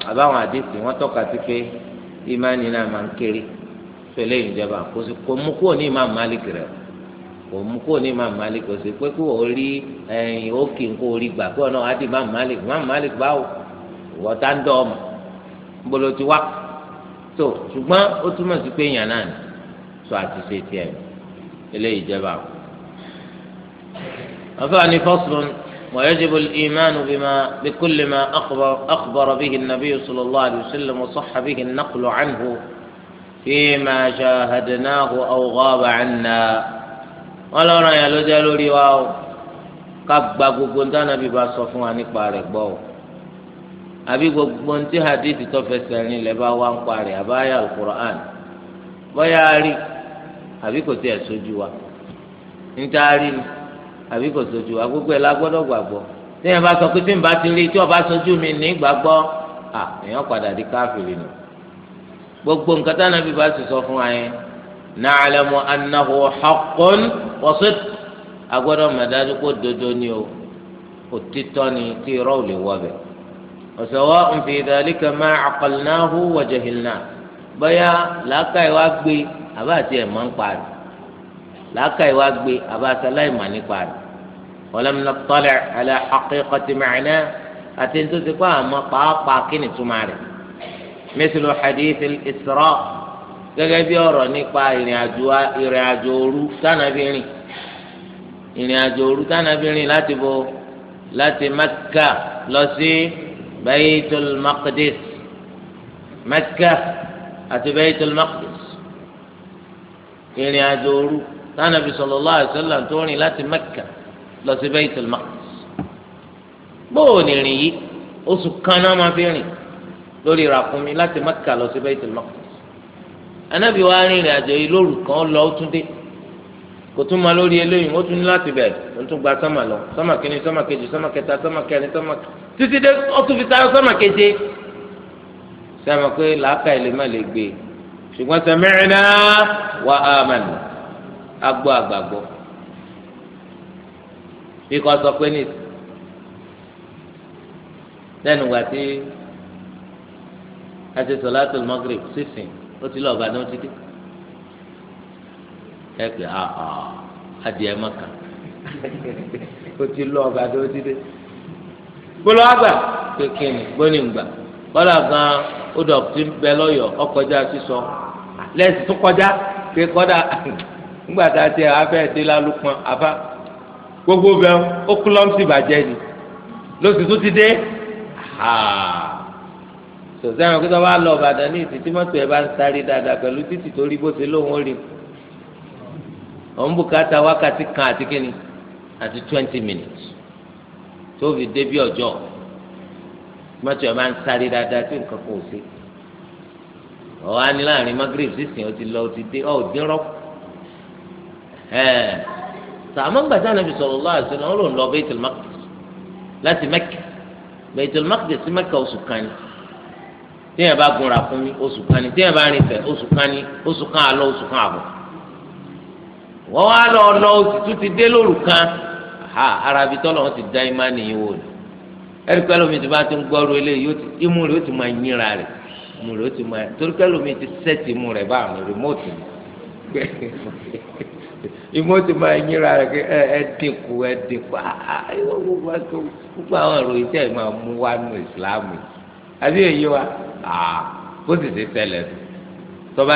àbáwọn wọn sí pé ìmánì náà máa ń kéré ìjọba kò sí kò mú kúrò ní Malik rẹ kò mú kúrò ní Malik kò sí pé rí òkè gbà náà di Malik Malik ti wá. tó ṣùgbọ́n ó túmọ̀ sí pé èèyàn náà ni sọ àti ṣe tiẹ̀ eléyìí jẹba o. أفاني فصل ويجب الإيمان بما بكل ما أخبر, أخبر به النبي صلى الله عليه وسلم وصح به النقل عنه فيما شاهدناه أو غاب عنا ولا رأي لجل لواو كبا قنتنا ببا صفوان قارق بو àbí gbogbo ntí hadith tó fẹsẹ̀ rìn lẹ́ bá wá ń parí àbáyà alukur'an bóyá a rí àbí kò tiẹ̀ sójú wa níta rí ni àbí kò sójú wa gbogbo ẹ̀ la gbọ́dọ̀ gbàgbọ́ téèyàn bá sọ pé tí n bá ti rí tí ọba sójú mi ní gbàgbọ́ à èèyàn padà di káfíìrì nù gbogbo nǹkan tá nàbí bá sì sọ fún wa yẹn na'lamu annahu haqqun wa agbọ́dọ̀ mọ̀ kó dodo ni o òtítọ́ ni tí irọ́ ò lè wọ bẹ́ẹ̀. وسواء في ذلك ما عقلناه وجهلناه bóyá làákàyè wa gbé àbá àti ẹ̀ máa ń parí làákàyè wa gbé àbá àti aláìmọ̀ ní parí ولم نطلع على حقيقة معناه àti ní tó ti pa àmọ́ pàápàá kí ni túmọ̀ rẹ̀ مثل حديث الإسراء gẹ́gẹ́ bí ọ̀rọ̀ nípa ìrìn àjò òru tánàbìrin ìrìn àjò òru tánàbìrin láti bo láti Mẹ́kà lọ sí. Si, baitul maqdis mẹ́kà àti baitul maqdis ìrìn àjò òru tánàbí sallallahu alaihi wasallam tó rìn láti mẹ́kà lọ sí baitul maqdis bóò ní rìn yìí oṣù kan náà máa fi rìn lórí ìràkúnmi láti mẹ́kà lọ sí baitul maqdis anábì wa rìn ìrìn àjò yìí lóru kan lọ ó tún dé kò tún ma lórí eléyìí wọ́n tún ní láti bẹ̀ wọ́n tún gba sọ́mà lọ sọ́mà kìíní sọ́mà kejì sọ́mà kẹta sọ́mà kẹrin sọ́mà títí dé ọtún fi tayọ sọ́mà keje sẹ́mi pé làákà ilé má lè gbé ṣùgbọ́n sami'na wa amanna agbọ́ àgbàgbọ́ bí kò sọ pé ní lẹ́nu ìgbà tí a ti salatul maghrib sísìn ó ti lọ́ọ̀ bá ní ó ti dé ẹ pé àhà ah, ah, adìẹ mọkà o ti lọ ọgbà tó ti dé gbọlọ àgbà kékeré ni gbóni ngbà kọlá gan ó dọ̀tí bẹ lọ́yọ̀ ọkọjá sísọ lẹ́sìn tó kọjá pé kọ́dà ńgbàdá tí a fẹ́ dé lálùpọ̀ àbá gbogbo bẹ ó kúlọ́ọ̀mù sì bàjẹ́ ni lóṣù tó ti dé sọ̀tẹ́ àwọn kí wọ́n bá lọ Ìbàdàn ní ìsìn tí mọ́tò ẹ̀ bá ń sáré dáadáa pẹ̀lú títì tó rí bó ṣe lóun ó rí i òun bùkátà wákàtí kan àti kíni àti twenty minutes tó fi débi ọjọ́ mọ́tò ẹ̀ máa ń sáré dáadáa tí nǹkan kò sí ọ̀hún á ní láàrin magreth sísìn ó ti lọ ó ti dé ọ̀ dín rọ́pù ẹ̀ẹ́ sàmọ́ gbàtà nàbì sallallahu alaihi wasallam ó lòun lọ Baitul Maqdis láti Mẹ́kà Baitul Maqdis sí Mẹ́kà oṣù kan ni bá gunra fún mi oṣù kan ni bá rìn fẹ̀ oṣù kan oṣù kan àlọ oṣù kan àbọ̀. wọ́n wá lọ lọ oṣù ti dé lóru kan arabi tọ́lọ̀ wọn ti da ìmánì yìí wò ni ẹ̀ríkọ́ ẹlòmíì tó bá ti ń gbọ́rú eléyìí imú rẹ̀ ó ti máa yínra rẹ̀ imú rẹ̀ ó ti máa torí kọ́ ti sẹ́ẹ̀tì imú rẹ̀ bá àmì rìmọ́ọ̀tì ni imú ó ti máa yínra rẹ̀ kí ẹ dínkù ẹ dínkù àwọn ìròyìn tẹ̀ máa mú wá nù ìsìlámù àbí èyí wa sì ti tẹ̀lẹ̀ tó bá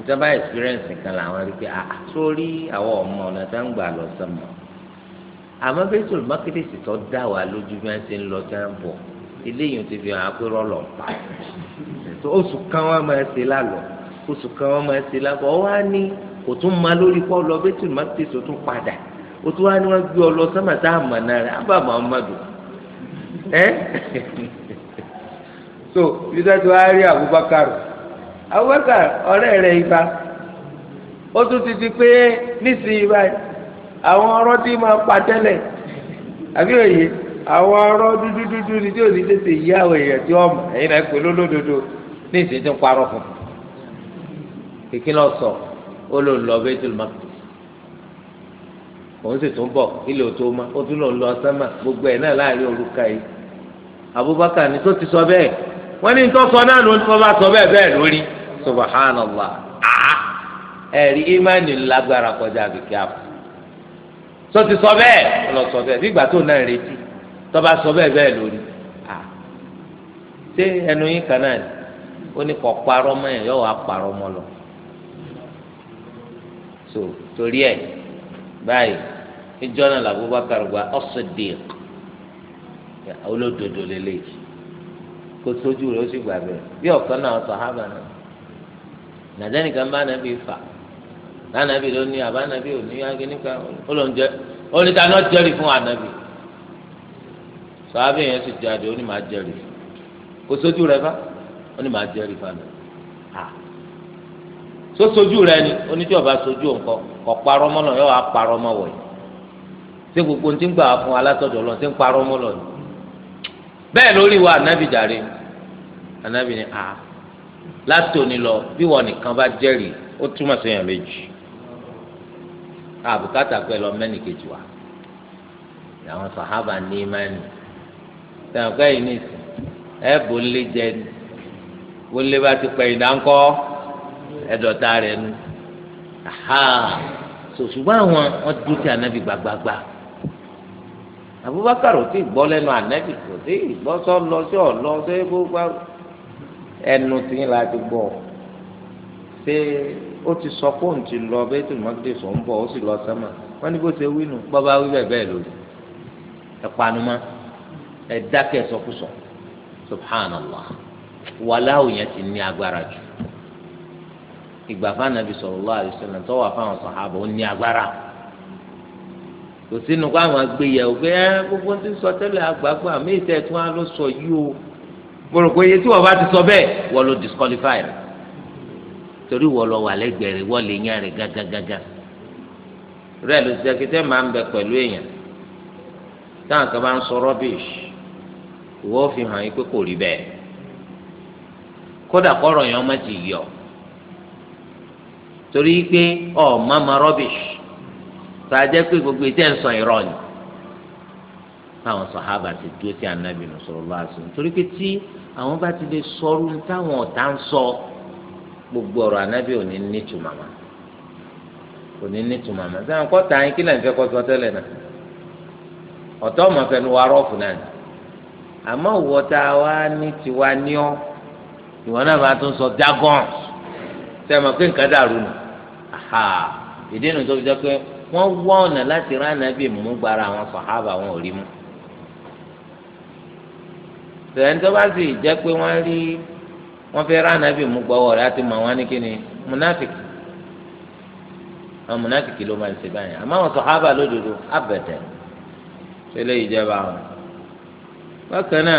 ìjọba experience kan làwọn rí pé àsórí ah, ah, àwọn ọmọ ọ̀nà tá ń gbà lọ sọmọ àmọ́ bẹ́sùn mákèdèsì tó dá wa lójú bí wọ́n ti ń lọ tá ń bọ̀ eléyìí ti fi hàn apẹ́rọ́ lọ pa oṣù kan wọn máa ṣe lálọ́ oṣù kan wọn máa ṣe lábọ̀ ọ wá ní kò tún ma lórí kọ́ lọ bẹ́sùn mákèdèsì tó tún padà o tún wá ní wọ́n gbé ọ lọ sọ́mà tá a mọ̀ náà rẹ̀ ábà máa má dùn ẹ́ so bí wọ́n ti wá rí Abubakar Abubakar ọ̀rẹ́ rẹ̀ ibà ó tún ti di pé nísìnyí báyìí àwọn ọ̀rọ̀ tí máa pa tẹ́lẹ̀ àbí òye àwọn ọ̀rọ̀ dúdúdúdú ni tí òní tètè yí àwọn èèyàn tí ọmọ ẹ̀yin náà pè lólódodo ní ìsìn tó ń parọ́ fún un kìkì lọ sọ ó lò lọ Baitul Maqdis òun sì tún bọ̀ ilé òtó ma ó tún lò lọ sẹ́mà gbogbo ẹ̀ náà láàrin òrùka yìí Abubakar ni tó ti sọ bẹ́ẹ̀ wọ́n ní tó sọ náà ló ń tó sọ bẹ́ẹ̀ bẹ́ẹ̀ lórí. subhanallah ah ẹ̀rí imáni lágbára kọjá àgbèké àpò tó ti sọ bẹ́ẹ̀ lọ sọ bẹ́ẹ̀ bí tó náà retí sọ bẹ́ẹ̀ bẹ́ẹ̀ lórí ah ṣé ẹnu yín kan náà ó ní kọ́ parọ́ mọ́ yẹn yóò parọ́ mọ́ lọ so torí ẹ̀ báyìí ìjọ náà làbúbákàrà gba as-Siddiq olódodo lélẹ́yìí kó sójú rẹ̀ ó sì gbà bẹ́ẹ̀ bí ọ̀kan náà náà. nàdẹ́nì kan bá nàbí fà nànàbí ló ní àbá nàbí ò ní agíní kan olóńjẹ oníta náà jẹ́rìí fún ànàbí sọ́ábì yẹn sì jáde ó ní màá jẹ́rìí kò sójú rẹ bá ó ní màá jẹ́rìí fún ànàbí tó sojú rẹ ni oníjọba sojú òǹkọ kọ parọ́ mọ́ náà yọ wá parọ́ mọ́ wọ̀nyí ṣé gbogbo ti ń gbà fún alátọ̀dọ̀ lọ ṣé ń parọ́ mọ́ lọ ni bẹ́ẹ̀ lórí wa ànábì jàre ànábì ni a látòní lọ bí wọn nìkan bá jẹ́rìí ó túmọ̀ sí èèyàn méjì àbùkátà pé lọ mẹ́nì kejì wa àwọn sàhábà ní imáni sẹ́wọ̀n pé yìí nìsín ẹ bò ń lé jẹ ni bó lé bá ti pẹ́ ìdáńkọ́ ẹ̀dọ̀ta rẹ̀ nu ṣùgbọ́n àwọn wọn dúró ti ànábì gbàgbàgbà Abubakar ò tí ì gbọ́ lẹ́nu ànábì kò tí ì gbọ́ sọ lọ sí ọ̀lọ́ sí gbogbo ẹnu tí ń la ti gbọ́ ṣé ó ti sọ pé òun ti lọ Baitul Maqdis ń bọ̀ ó sì lọ sẹ́mà wọ́n ní bó ṣe wí nù bọ́ba wí bẹ́ẹ̀ bẹ́ẹ̀ ẹ̀dákẹ́ sọkúsọ subhanallah wàláwù yẹn ti ní agbára jù ìgbà fún anabi sallallahu alaihi wasallam tó wà ó ní agbára kò sínú kó àwọn gbogbo ti sọ tẹ́lẹ̀ mí ìtẹ tí wọn á lọ sọ gbọdọ̀kọ iye tí wọ́n bá ti sọ bẹ́ẹ̀ wọ́n ló disqualify rẹ̀ torí wọ́n lọ wà lẹ́gbẹ̀ẹ́ rẹ̀ wọ́n lè yàn rẹ̀ gágágágá rẹ̀ ló ti jẹ́ máa ń bẹ pẹ̀lú èèyàn táwọn kan bá ń sọ rubbish ìwọ́ fi hàn yín pé kò rí bẹ́ẹ̀ kódà kọ́rọ̀ yẹn ọmọ ti yọ torí pé ọ̀ máa ma rubbish tàjẹ́ pé gbogbo ìtẹ́ ń sọ ìrọ̀ báwọn sọ̀hábà ti dúró sí ànábì nù sallallahu alaihi wasallam torí pé tí àwọn bá ti lè sọrú táwọn ọ̀tá ń sọ gbogbo ọ̀rọ̀ ànábì ò ní nítumọ̀ mọ́ kò ní nítumọ̀ mọ́ sẹ́wọ̀n kọ́ta yín kí lẹ́yìn fẹ́ kọ́ sọ tẹ́lẹ̀ náà ọ̀tọ́ ọmọ fẹnu wa rọ́ọ̀fù náà ni àmọ́ ìwọ tá a wá ní tiwa ní ọ́ ìwọ náà bá tún sọ dagon sẹ́wọ̀n pé nǹkan dàrú nù ìdí sẹ̀yìn tó bá sì jẹ́ pé wọ́n rí wọ́n fẹ́ rà nàbì mú gbọ́wọ́ rẹ̀ àti mọ̀ wọ́n ní kíni mùnáfìkì àwọn mùnáfìkì ló máa ń ṣe báyìí àmọ́ àwọn sọ̀hábà lódodo àbẹ̀tẹ̀ ṣẹlẹ̀ ìjẹba wọn. bákan náà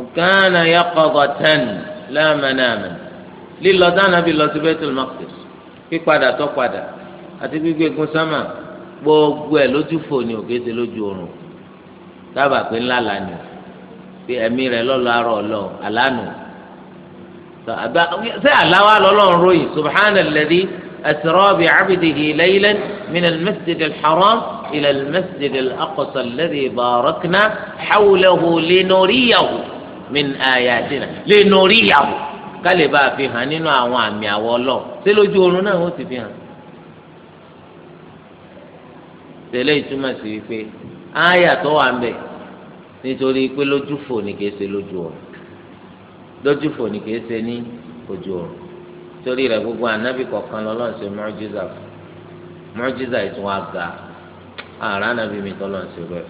ọ̀gáàna ya kọ̀gọ̀ tán lẹ́mẹ̀nàmẹ̀ lílọ dáná bí lọ sí Baitul Maqdis pípadà tó padà àti gbígbégun sámà gbogbo ẹ̀ lójú fò ní òkété bí ẹ̀mí rẹ̀ lọ́lọ́ arọ̀ lọ àlánù ṣé àláwá lọ́lọ́run ròyìn subhana alladhi asra bi abdihi laylan min almasjid alharam ila almasjid alaqsa alladhi barakna hawlahu linuriyahu min ayatina linuriyahu kálí bá a fi hàn nínú àwọn àmì àwọ lọ ṣé lójú oorun náà ó ti fi hàn. tẹ̀lé ìtumọ̀ sí wípé ááyà tó wà ń bẹ̀ nítorí pé lójúfò ni kìí ṣe lójú ọ̀run lójúfò ni kìí ṣe ní ojú ọ̀run torí rẹ̀ gbogbo ànábì kọ̀ọ̀kan lọ́lọ́run ṣe wa ga ààrẹ ànábì mi tọ́lọ̀ ṣe rẹ̀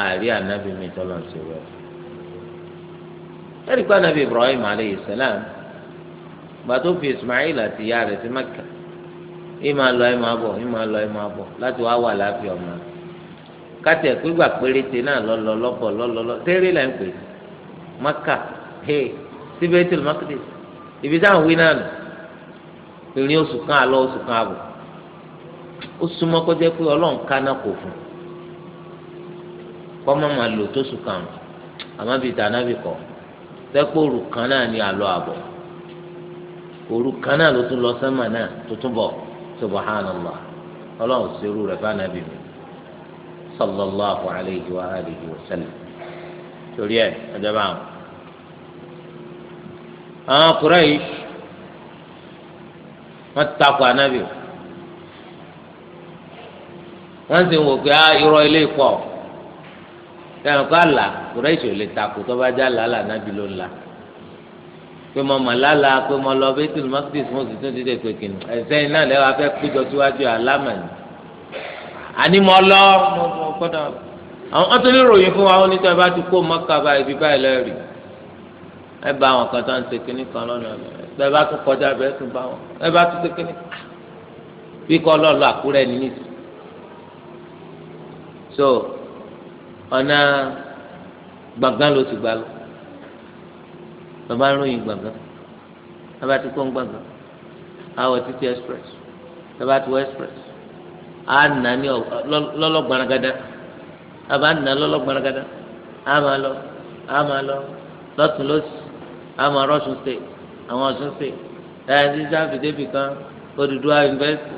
ààrẹ ànábì mi tọ́lọ̀ ṣe rẹ̀ ẹ̀rí pé ànábì Ibrahim aleyhi salam gbàtó fi Ismail àti ìyá rẹ̀ sí Mẹ́kà ìmọ̀ àlọ́ ìmọ̀ àbọ̀ ìmọ̀ àlọ́ ìmọ̀ àbọ̀ láti wá wà láàfin ọmọ rẹ̀. kátẹ pígbà péréte náà lọlọ lọpọ lọlọlọ tẹrẹ la ń pè maka hey síbi ètò ibi táwọn wí náà nù ìrìn oṣù kan àlọ oṣù kan àbọ̀ ó súnmọ́ kó jẹ́ pé Ọlọ́run kaná kò fún kọmọ máa lò tó sùn kàn àmọ́ bíi kọ kan náà ni àlọ àbọ̀ òru kan náà ló tún lọ sẹmà náà tó tún bọ̀ subahánàlá Ọlọ́run ṣerú rẹ̀ mi. صلى الله عليه وآله وسلم. sallam torí ẹ ọjọ́ bá wọn. àwọn Quraysh wọ́n takò ànábì wọ́n sì ń wò pé ah, irọ́ ilé pọ̀ sẹ́yìn kọ́ àlà Quraysh ò lè takò tó bá já làálà ànábì ló ń la pé mo mọ̀ lálà pé mo lọ Baitul Maqdis mo sì tún ti dé pé kìnnìún ẹ̀sẹ̀ iná lẹ́wọ̀ afẹ́ kújọ síwájú àlámà ni àní mo lọ mo kọ́dà àwọn ọtọ́lẹ́ ìròyìn fún wa wọn níta bá ti kó mọ́kà báyìí bí báyìí lẹ́rì ẹ bá àwọn kan tó ń ṣe kínní kan lọ́nà ẹ bá tún kọjá bẹ́ẹ̀ tún bá wọn ẹ bá tún ṣe kínní bí kọ́ lọ́ọ̀lọ́ àkúrẹ́ ní nìsí. so ọ̀nà gbàngán ló ti gbà lọ bàbá ròyìn gbàngán bàbá ti kó ń gbàngán àwọ̀ títí express bàbá ti wọ express á nà ní lọ́lọ́gbanagada àbá nà lọ́lọ́gbanagada á máa lọ á máa lọ lọ́tún lọ́sì á máa rọ́ṣùn sè àwọn ọ̀ṣun sè ẹ̀ ẹ́ sísá fìdébì kan Odùduwà yunifásitì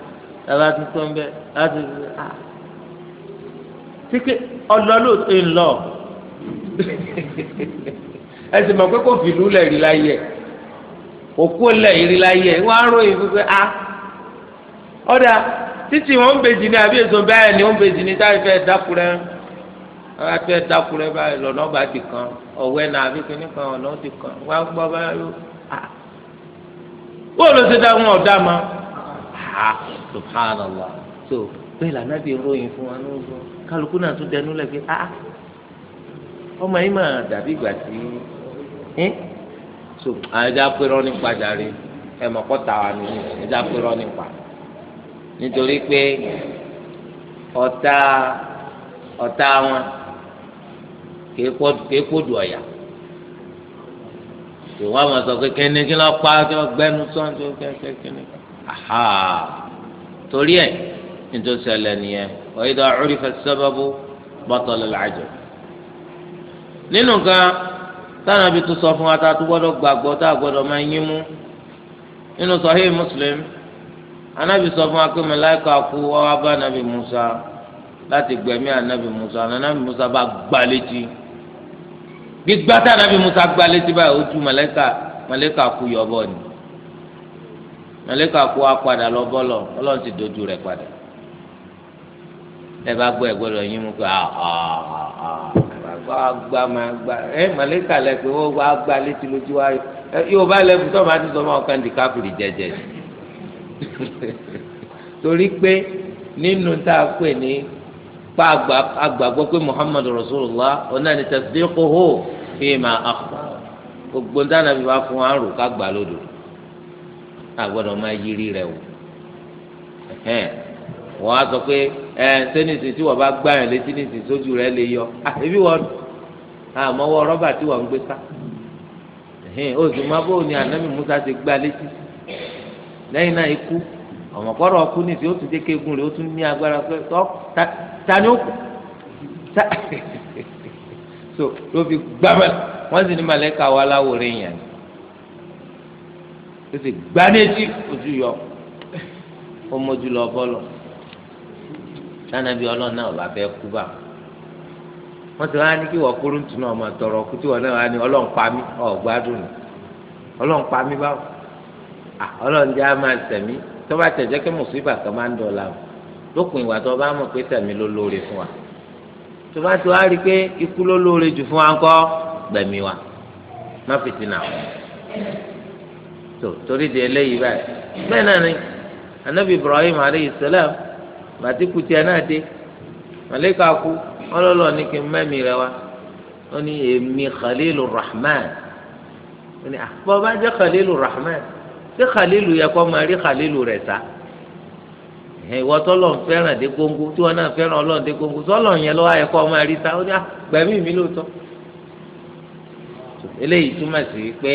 ẹ̀rọ ti tó ń bẹ láti ṣe à. Tíkẹ́ ọlọ́lọ́tò ń lọ. Ẹ sì mọ̀ pé kò fìlú lẹ̀ rí láyé ẹ̀. Òkú lẹ̀ rí láyé ẹ̀. Wọ́n á ròyìn fún a. Ah, ọ̀dà títí wọn ń bèjì ní àbí èso bẹ́ẹ̀ ni wọn ń bèjì ní táyì fẹ́ dákúrẹ́ àwọn àti fẹ́ dákúrẹ́ báyìí lọ́nà ọba ti kàn ọ̀wẹ́ náà àbí kíní kan ọ̀nà ti kàn wá gbọ́ báyìí ó lọ sí dá wọn ọ̀dá ma ha subhanallah so bẹ́ẹ̀ lànà bí ròyìn fún wa ní ọgbọ́n kálukú náà tún dẹnu lẹ́ pé ah ọmọ yìí máa dàbí ìgbà tí so àyẹ̀dá pérọ́ nípa jàre ẹ̀ mọ̀kọ́ta wa nìyí ẹ̀dá pérọ́ nípa. nítorí pé ọ̀tá ọ̀tá wọn kéé kódù ọ̀yà ìwọ àwọn sọ pé kíni kí lọ́ọ́ pa ọjọ́ gbẹ́nu sọ́ńtò kẹ́kẹ́ kíni. torí ẹ̀ nítorí ṣẹlẹ̀ nìyẹn ọ̀yẹ́dọ̀ ọ̀rìfẹ́ sábàbù bọ́tọ̀lẹ̀ làjọ. nínú nǹkan táwọn sọ fún wa tá a gbọ́dọ̀ gbàgbọ́ tá a gbọ́dọ̀ máa yín mú Muslim. anabi sọ fún wa pé mẹláìkà kú ọwọ́ bá anabi musa láti gbẹ̀mí anabi musa anabi musa bá gbá létí gbígbá tá anabi musa gbá létí báyìí ó tú mẹláìkà mẹláìkà kú yọbọ ni mẹláìkà kú apàdà lọ bọlọ Ọlọ́run ti dojú rẹ̀ padà ẹ bá gbọ́ ẹ gbọ́dọ̀ yín mú pé agba ah, ah, ma ah, gba ẹ mẹláìkà lẹ pé ó wá gbá létí lójú wa yóò bá lẹ fún tọ́ ma ti sọ ma ọkàn dìkápìlì jẹjẹ yìí. torí pé nínú tá a pè ní pa àgbàgbọ́ pé muhammad rasulullah ọ̀nà ni tasdiquhu fi ma akhbar gbogbo dáná bí wàá fún wa rò ká gbà lódò àgbọ̀dọ̀ máa yiri rẹ̀ wò wọ́n á sọ pé ẹ sẹ́nìtì tí wọ́n bá gbàyàn létí nìtì sójú rẹ̀ lè yọ àbí ah, wọ́n àmọ́wọ́ rọ́bà tí wọ́n ń gbé ká ó sì máa bóun ni ànámì musa ti gbá létí lẹ́yìn náà ikú ọmọ kọrọ ọkú nìsí ó tún dékè gun rẹ ó tún ní agbára pé tọ ta ni ó kù ta so ló fi gbámẹ wọn sì ní màlẹka wà láwòrán yẹn ó sì gbánéjì ojú yọ ó mójú lọ bọlọ sanabi Ọlọ́run náà ọba fẹẹ kú bá wọn ti wá ní kí wọn kúrú tún náà ọmọ tọrọ kú wọn náà wá ní Ọlọ́run pa mí ọ gbádùn pa mí báwọn ọlọ́run jẹ́ àmà tẹ̀mí tó bá tẹ̀ jẹ́ kí mùsùlùmí kan máa ń dọ̀la o lópin ìwà tó bá mọ̀ pé tẹ̀mí ló lóore fún wa tó bá tó wá rí i pé ikú ló lóore jù fún wa ńkọ́ gbẹ̀mí wa má fìtínà o tó torí di eléyìí báyìí bẹ́ẹ̀ náà ni anabi ibrahim aleyhi salam bàtí kùtì ẹ̀ náà dé màlẹ́kà kú ọlọ́lọ́ ní kí n mẹ́mí rẹ wa ó ní èmi khalilu rahman ó ni àbọ̀ ah, bá jẹ́ khalilu rahman ṣé khalilu yẹ kó máa rí khalilu rẹ̀ sá ìwọ tọ́lọ̀ ń fẹ́ràn dé góńgó tí wọn náà fẹ́ràn ọlọ́run dé góńgó tọ́lọ̀ yẹn lọ́wọ́ ayẹ kó máa rí sá ó ní ah, gbẹ̀mí mi lóòótọ́ eléyìí túmọ̀ sí pé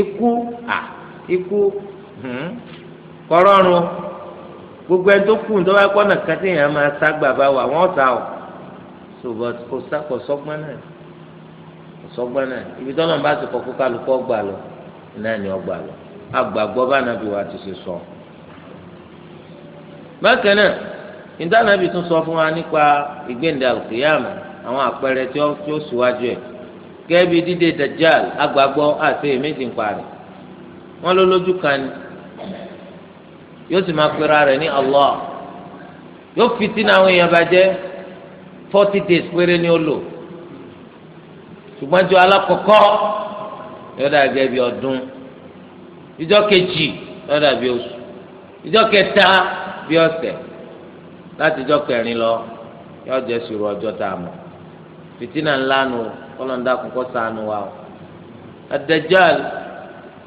ikú à ikú kọ́rọ́rùn gbogbo ẹni tó kù ní tọ́wọ́ ẹ̀kọ́ náà kàtí yẹn máa sá gbàgbà wà wọ́n sá o kò sọ́gbọ́n náà kò sọ́gbọ́n náà ibi tọ́lọ̀ ń bá ti kọ́ kó kálukọ́ gbà lọ náà ni ọ lọ. agbàgbọ́ bá nàbí wa ti ṣe sọ. bákan náà tún sọ fún wa nípa ìgbéǹde alùkìyàmù àwọn àpẹẹrẹ tí ó síwájú ẹ̀ gẹ́bí dídé dajjal agbàgbọ́ àti èméjì ń parí wọ́n ló lójú kan yóò sì máa pera makwara ní Allah yóò fi tí àwọn èèyàn bá days péré ni ó lò ṣùgbọ́n ju alákọ̀ọ́kọ́ yóò dà ìjọ kejì lọ́dà bí oṣù ìjọ kẹta bí ọ̀sẹ̀ láti ìjọ kẹrin lọ yóò jẹ́ sùúrù ọjọ́ tá a mọ̀ fìtínà ńlá nu kọ́lọ́ńdà sànù wa o adẹ́jọ́l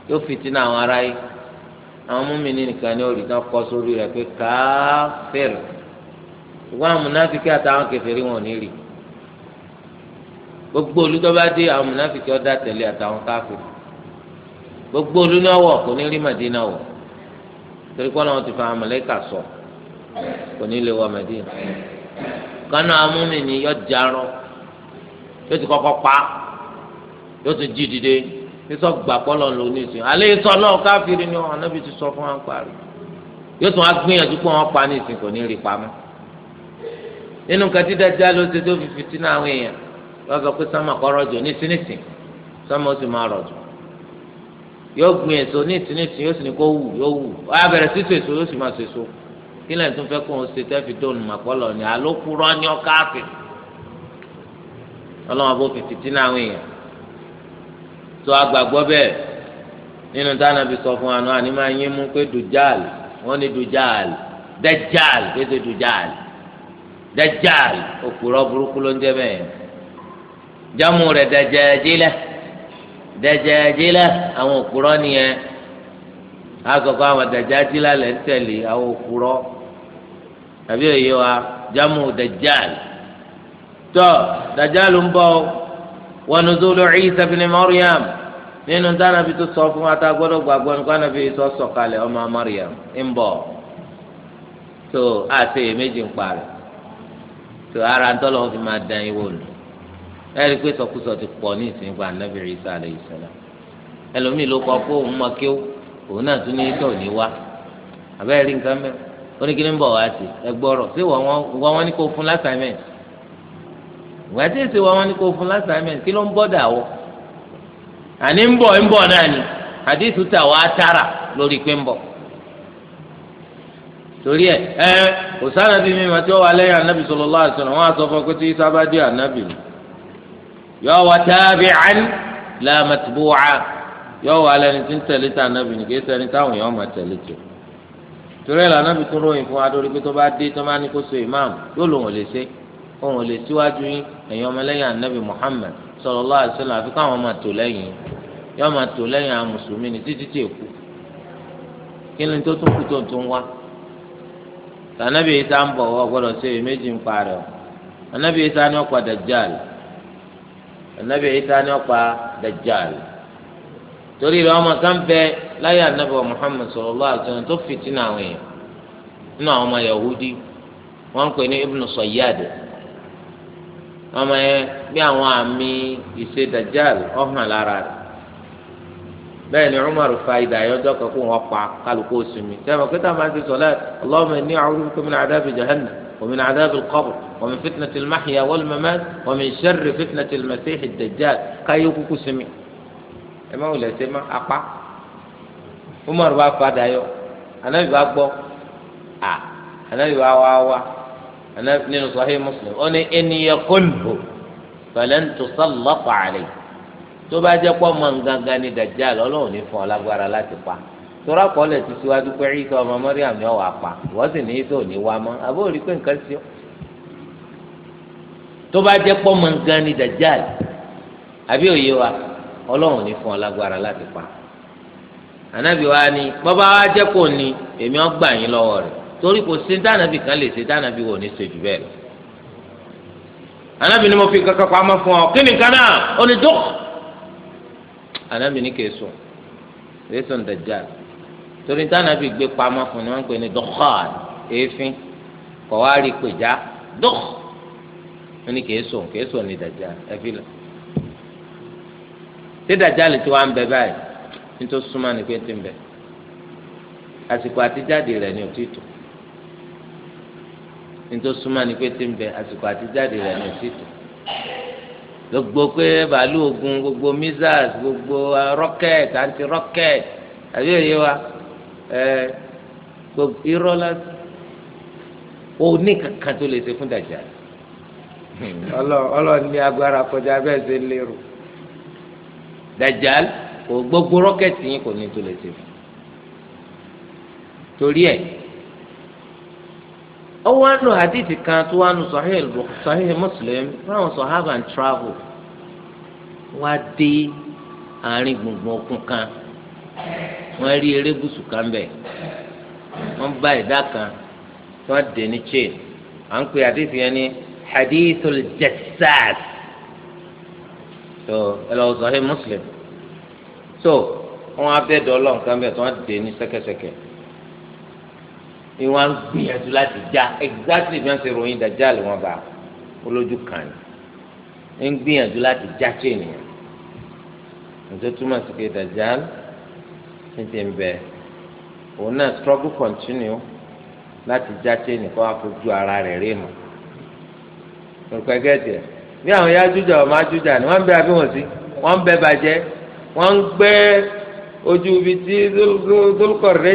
yóò fìtínà àwọn ará yìí àwọn nìkan ní orí náà kọ́ sórí rẹ̀ pé gbogbo àwọn múnáfíkì ọ̀dà tẹ̀lé àtàwọn gbogbo olúnáwọ kò ní rí Madina wọ torí kọ́nà wọn ti fa amọ̀lẹ́kà sọ kò ní lè wọ Madina kánà amúnìní yọ jarọ yóò ti kọ́kọ́ pa yóò ti jí dìde sísọ gbà pọ́lọ̀ ló ní ìsìn alẹ́ sọ náà káfíìrì ni wọn anábì ti sọ fún wọn parí yóò tún wá gbìyànjú pé wọn pa ní ìsìn kò ní rí pamọ́ nínú kàtí dájá ló ti tó fi fìtínà àwọn èèyàn lọ́sọ̀ pé sọ́mà kọ́ rọ̀jò nísìnyìsìn sọ́mà ó sì máa rọ̀jò yóò gbin èso ní ìtìníìtì yóò sì ní kó wù yóò wù ó yà bẹ̀rẹ̀ sí sèso yóò sì máa sèso kí lẹ́yìn tó ń fẹ́ kó o ṣe tẹ́fì tó nù màpọ́lọ̀ ni àlòkùrọ̀ ni ọ káàfin ọlọ́wọ́n bó fi fìtí náà wìn yẹn tó agbàgbọ́ bẹ́ẹ̀ nínú táwọn fi sọ fún wa náà ni máa yín mú pé dùjáàlì wọ́n ní dùjáàlì dẹ́jáàlì kéde dùjáàlì dẹ́jáàlì òkúrọ̀ burúkú ló ń jẹ́ bẹ́ẹ̀ jámù rẹ̀ dẹ́jẹ́ jílẹ̀ dẹjẹjìlẹ àwọn òkúrọ nìyẹn àkọ́kọ́ àwọn dẹjẹjìlẹ lẹ ń àwọn òkúrọ tàbí òye wa jamu dajjal tọ wa nuzulu Isa bin mariam nínú tánàbí tó sọ fún wa tá a gbọ́dọ̀ gbàgbọ́ nípa nàbí sọ sọ̀kalẹ̀ ọmọ Maryam ń bọ̀ tó àti ń parẹ tó ara ń tọ́lọ́ fi máa dán ẹ̀rí pé sọkúsọ ti pọ̀ ní ìsìn gba anabi Isa alayhi salam ẹlòmíì ló kọ pé òun máa kéwò òun náà tún ní ìtọ̀ òní wá àbẹ́rẹ́ rí nǹkan mẹ́rin oníkíní ń wá ní kó fún lásàmẹ́ǹt ìgbà tí èsì fún kí ń dà àní náà ni àdìsú tà wá lórí pé ń bọ̀ torí ẹ yọ wọ tabi'an la matbu'a yọ wọ alẹ́ ní ti ń tẹ̀lé tà nàbì ní kéésì ẹni táwọn yọ ọmọ tẹ̀lé tó torí ẹ̀la nàbì tó ròyìn fún wa lórí pé tó bá dé tó máa ní kó so ìmáàmù yóò lòun ò lè ṣe òun ò lè síwájú yín ẹ̀yin ọmọlẹ́yìn ànábì Muhammad sallallahu alaihi wasallam àfi káwọn máa tò lẹ́yìn yọ máa tò lẹ́yìn àwọn mùsùlùmí ní títí tí èkú kí ni tó tún kú tó tún wá tànàbì yìí tá ń bọ̀ wọ́ gbọ́dọ̀ ṣe èméjì ń parẹ́ o ànábì yìí tá ní ọ̀pọ̀ Dajjal anabi isa ni ọpa dajjal torí rẹ̀ ọmọ kan bẹ láyé anabi wa muhammad sallallahu alaihi wasallam tó fìtínà àwọn èèyàn nínú àwọn ọmọ yahudi wọ́n ń pè ní ibnu sayyad ọmọ yẹn bí àwọn àmì ìṣe dajjal ọhàn lára rẹ̀ bẹ́ẹ̀ ni Umar fa ìdá ayọ́jọ́ kan ومن عذاب القبر ومن فتنة المحيا والممات ومن شر فتنة المسيح الدجال كايوكو كسمي ẹmọ wò lẹsẹ ma apá umar bá padà yọ anabi bá gbọ́ a anabi bá wá wá anabi nínú sahih muslim ó ní ènìyàn kólbò fẹlẹńtò sọlọpàá rẹ tó bá jẹ pọ mọ ngangan ní dajjal Ọlọ́run ní fún ọ lágbára láti pa. sọ̀rọ̀ àkọọ́lẹ̀ ti síwájú pé ìsọ ọmọ mọ́ríàm yọ wà pa ìwọ́n sì ní ìsọ òní ọ. tó bá jẹ́ pọ́ ni wa ọlọ́run ní fún ọ lágbára láti pa. ànábì ni bọ́bá wa jẹ́ kò ní èmi ọ́ gbà yín lọ́wọ́ rẹ̀ torí kò sí dànàbì kan lè ṣe dànàbì wò ní ṣèjú bẹ́ẹ̀ lọ. ànábì ni mo fi kankan pamọ́ fún ọ kí nìkan náà ó ní dùn. ànábì kì í sùn torí táwọn fi gbé pamọ́ fún ni wọ́n ń pè ní dọ́kàn èéfín kọ̀ wá rí pèjá dọ́k wọ́n ní kìí sùn kìí sùn ní dàjà ẹbí lọ. tí dàjà lè ti wá ń bẹ báyìí nítorí súnmọ́ ni pé ti ń bẹ àsìkò àtijáde rẹ̀ ni ò ti tò nítorí súnmọ́ ni pé ti ń bẹ àsìkò àtijáde rẹ̀ ni ò ti tò gbogbo pé bàálù ogun gbogbo missiles gbogbo uh, rocket anti rocket àbí òye wa ẹ irọ́ láti òní kankan tó lè ṣe fún dàjà ọlọ́ọ̀ni agbára kọjá bẹ́ẹ̀ ṣe lérò dàjà kò gbogbo rọ́kẹ̀tì yín kò ní tó lè ṣe fún torí ẹ̀ kan tó nù Muslim ráwọn and travel wá dé àárín gbùngbùn kan. wọ́n rí erébùsù kan bẹ̀ wọ́n bá ìdá kan tí wọ́n dè ní chain à ń pè àdéhùn yẹn ní hadithul jassas so ẹ lọ muslim so wọ́n abẹ dọlọ nǹkan bẹ̀ tí wọ́n dè ní ṣẹ̀kẹ̀ṣẹ̀kẹ̀ ni wọ́n gbìyànjú láti já exactly bí wọ́n ṣe ròyìn Dajjal wọ́n bá olójú kan ni ń gbìyànjú láti já chain yẹn nítorí túmọ̀ sí pé Dajjal. ní ti ń bẹ òun náà struggle continue láti já chain wá fojú ara rẹ̀ rí mu gẹ́gẹ́ bí àwọn yájújà ọmọ ajújà ni wọ́n ń bẹ àbí sí wọ́n ń bẹ bàjẹ́ wọ́n ń gbé ojú ibi tí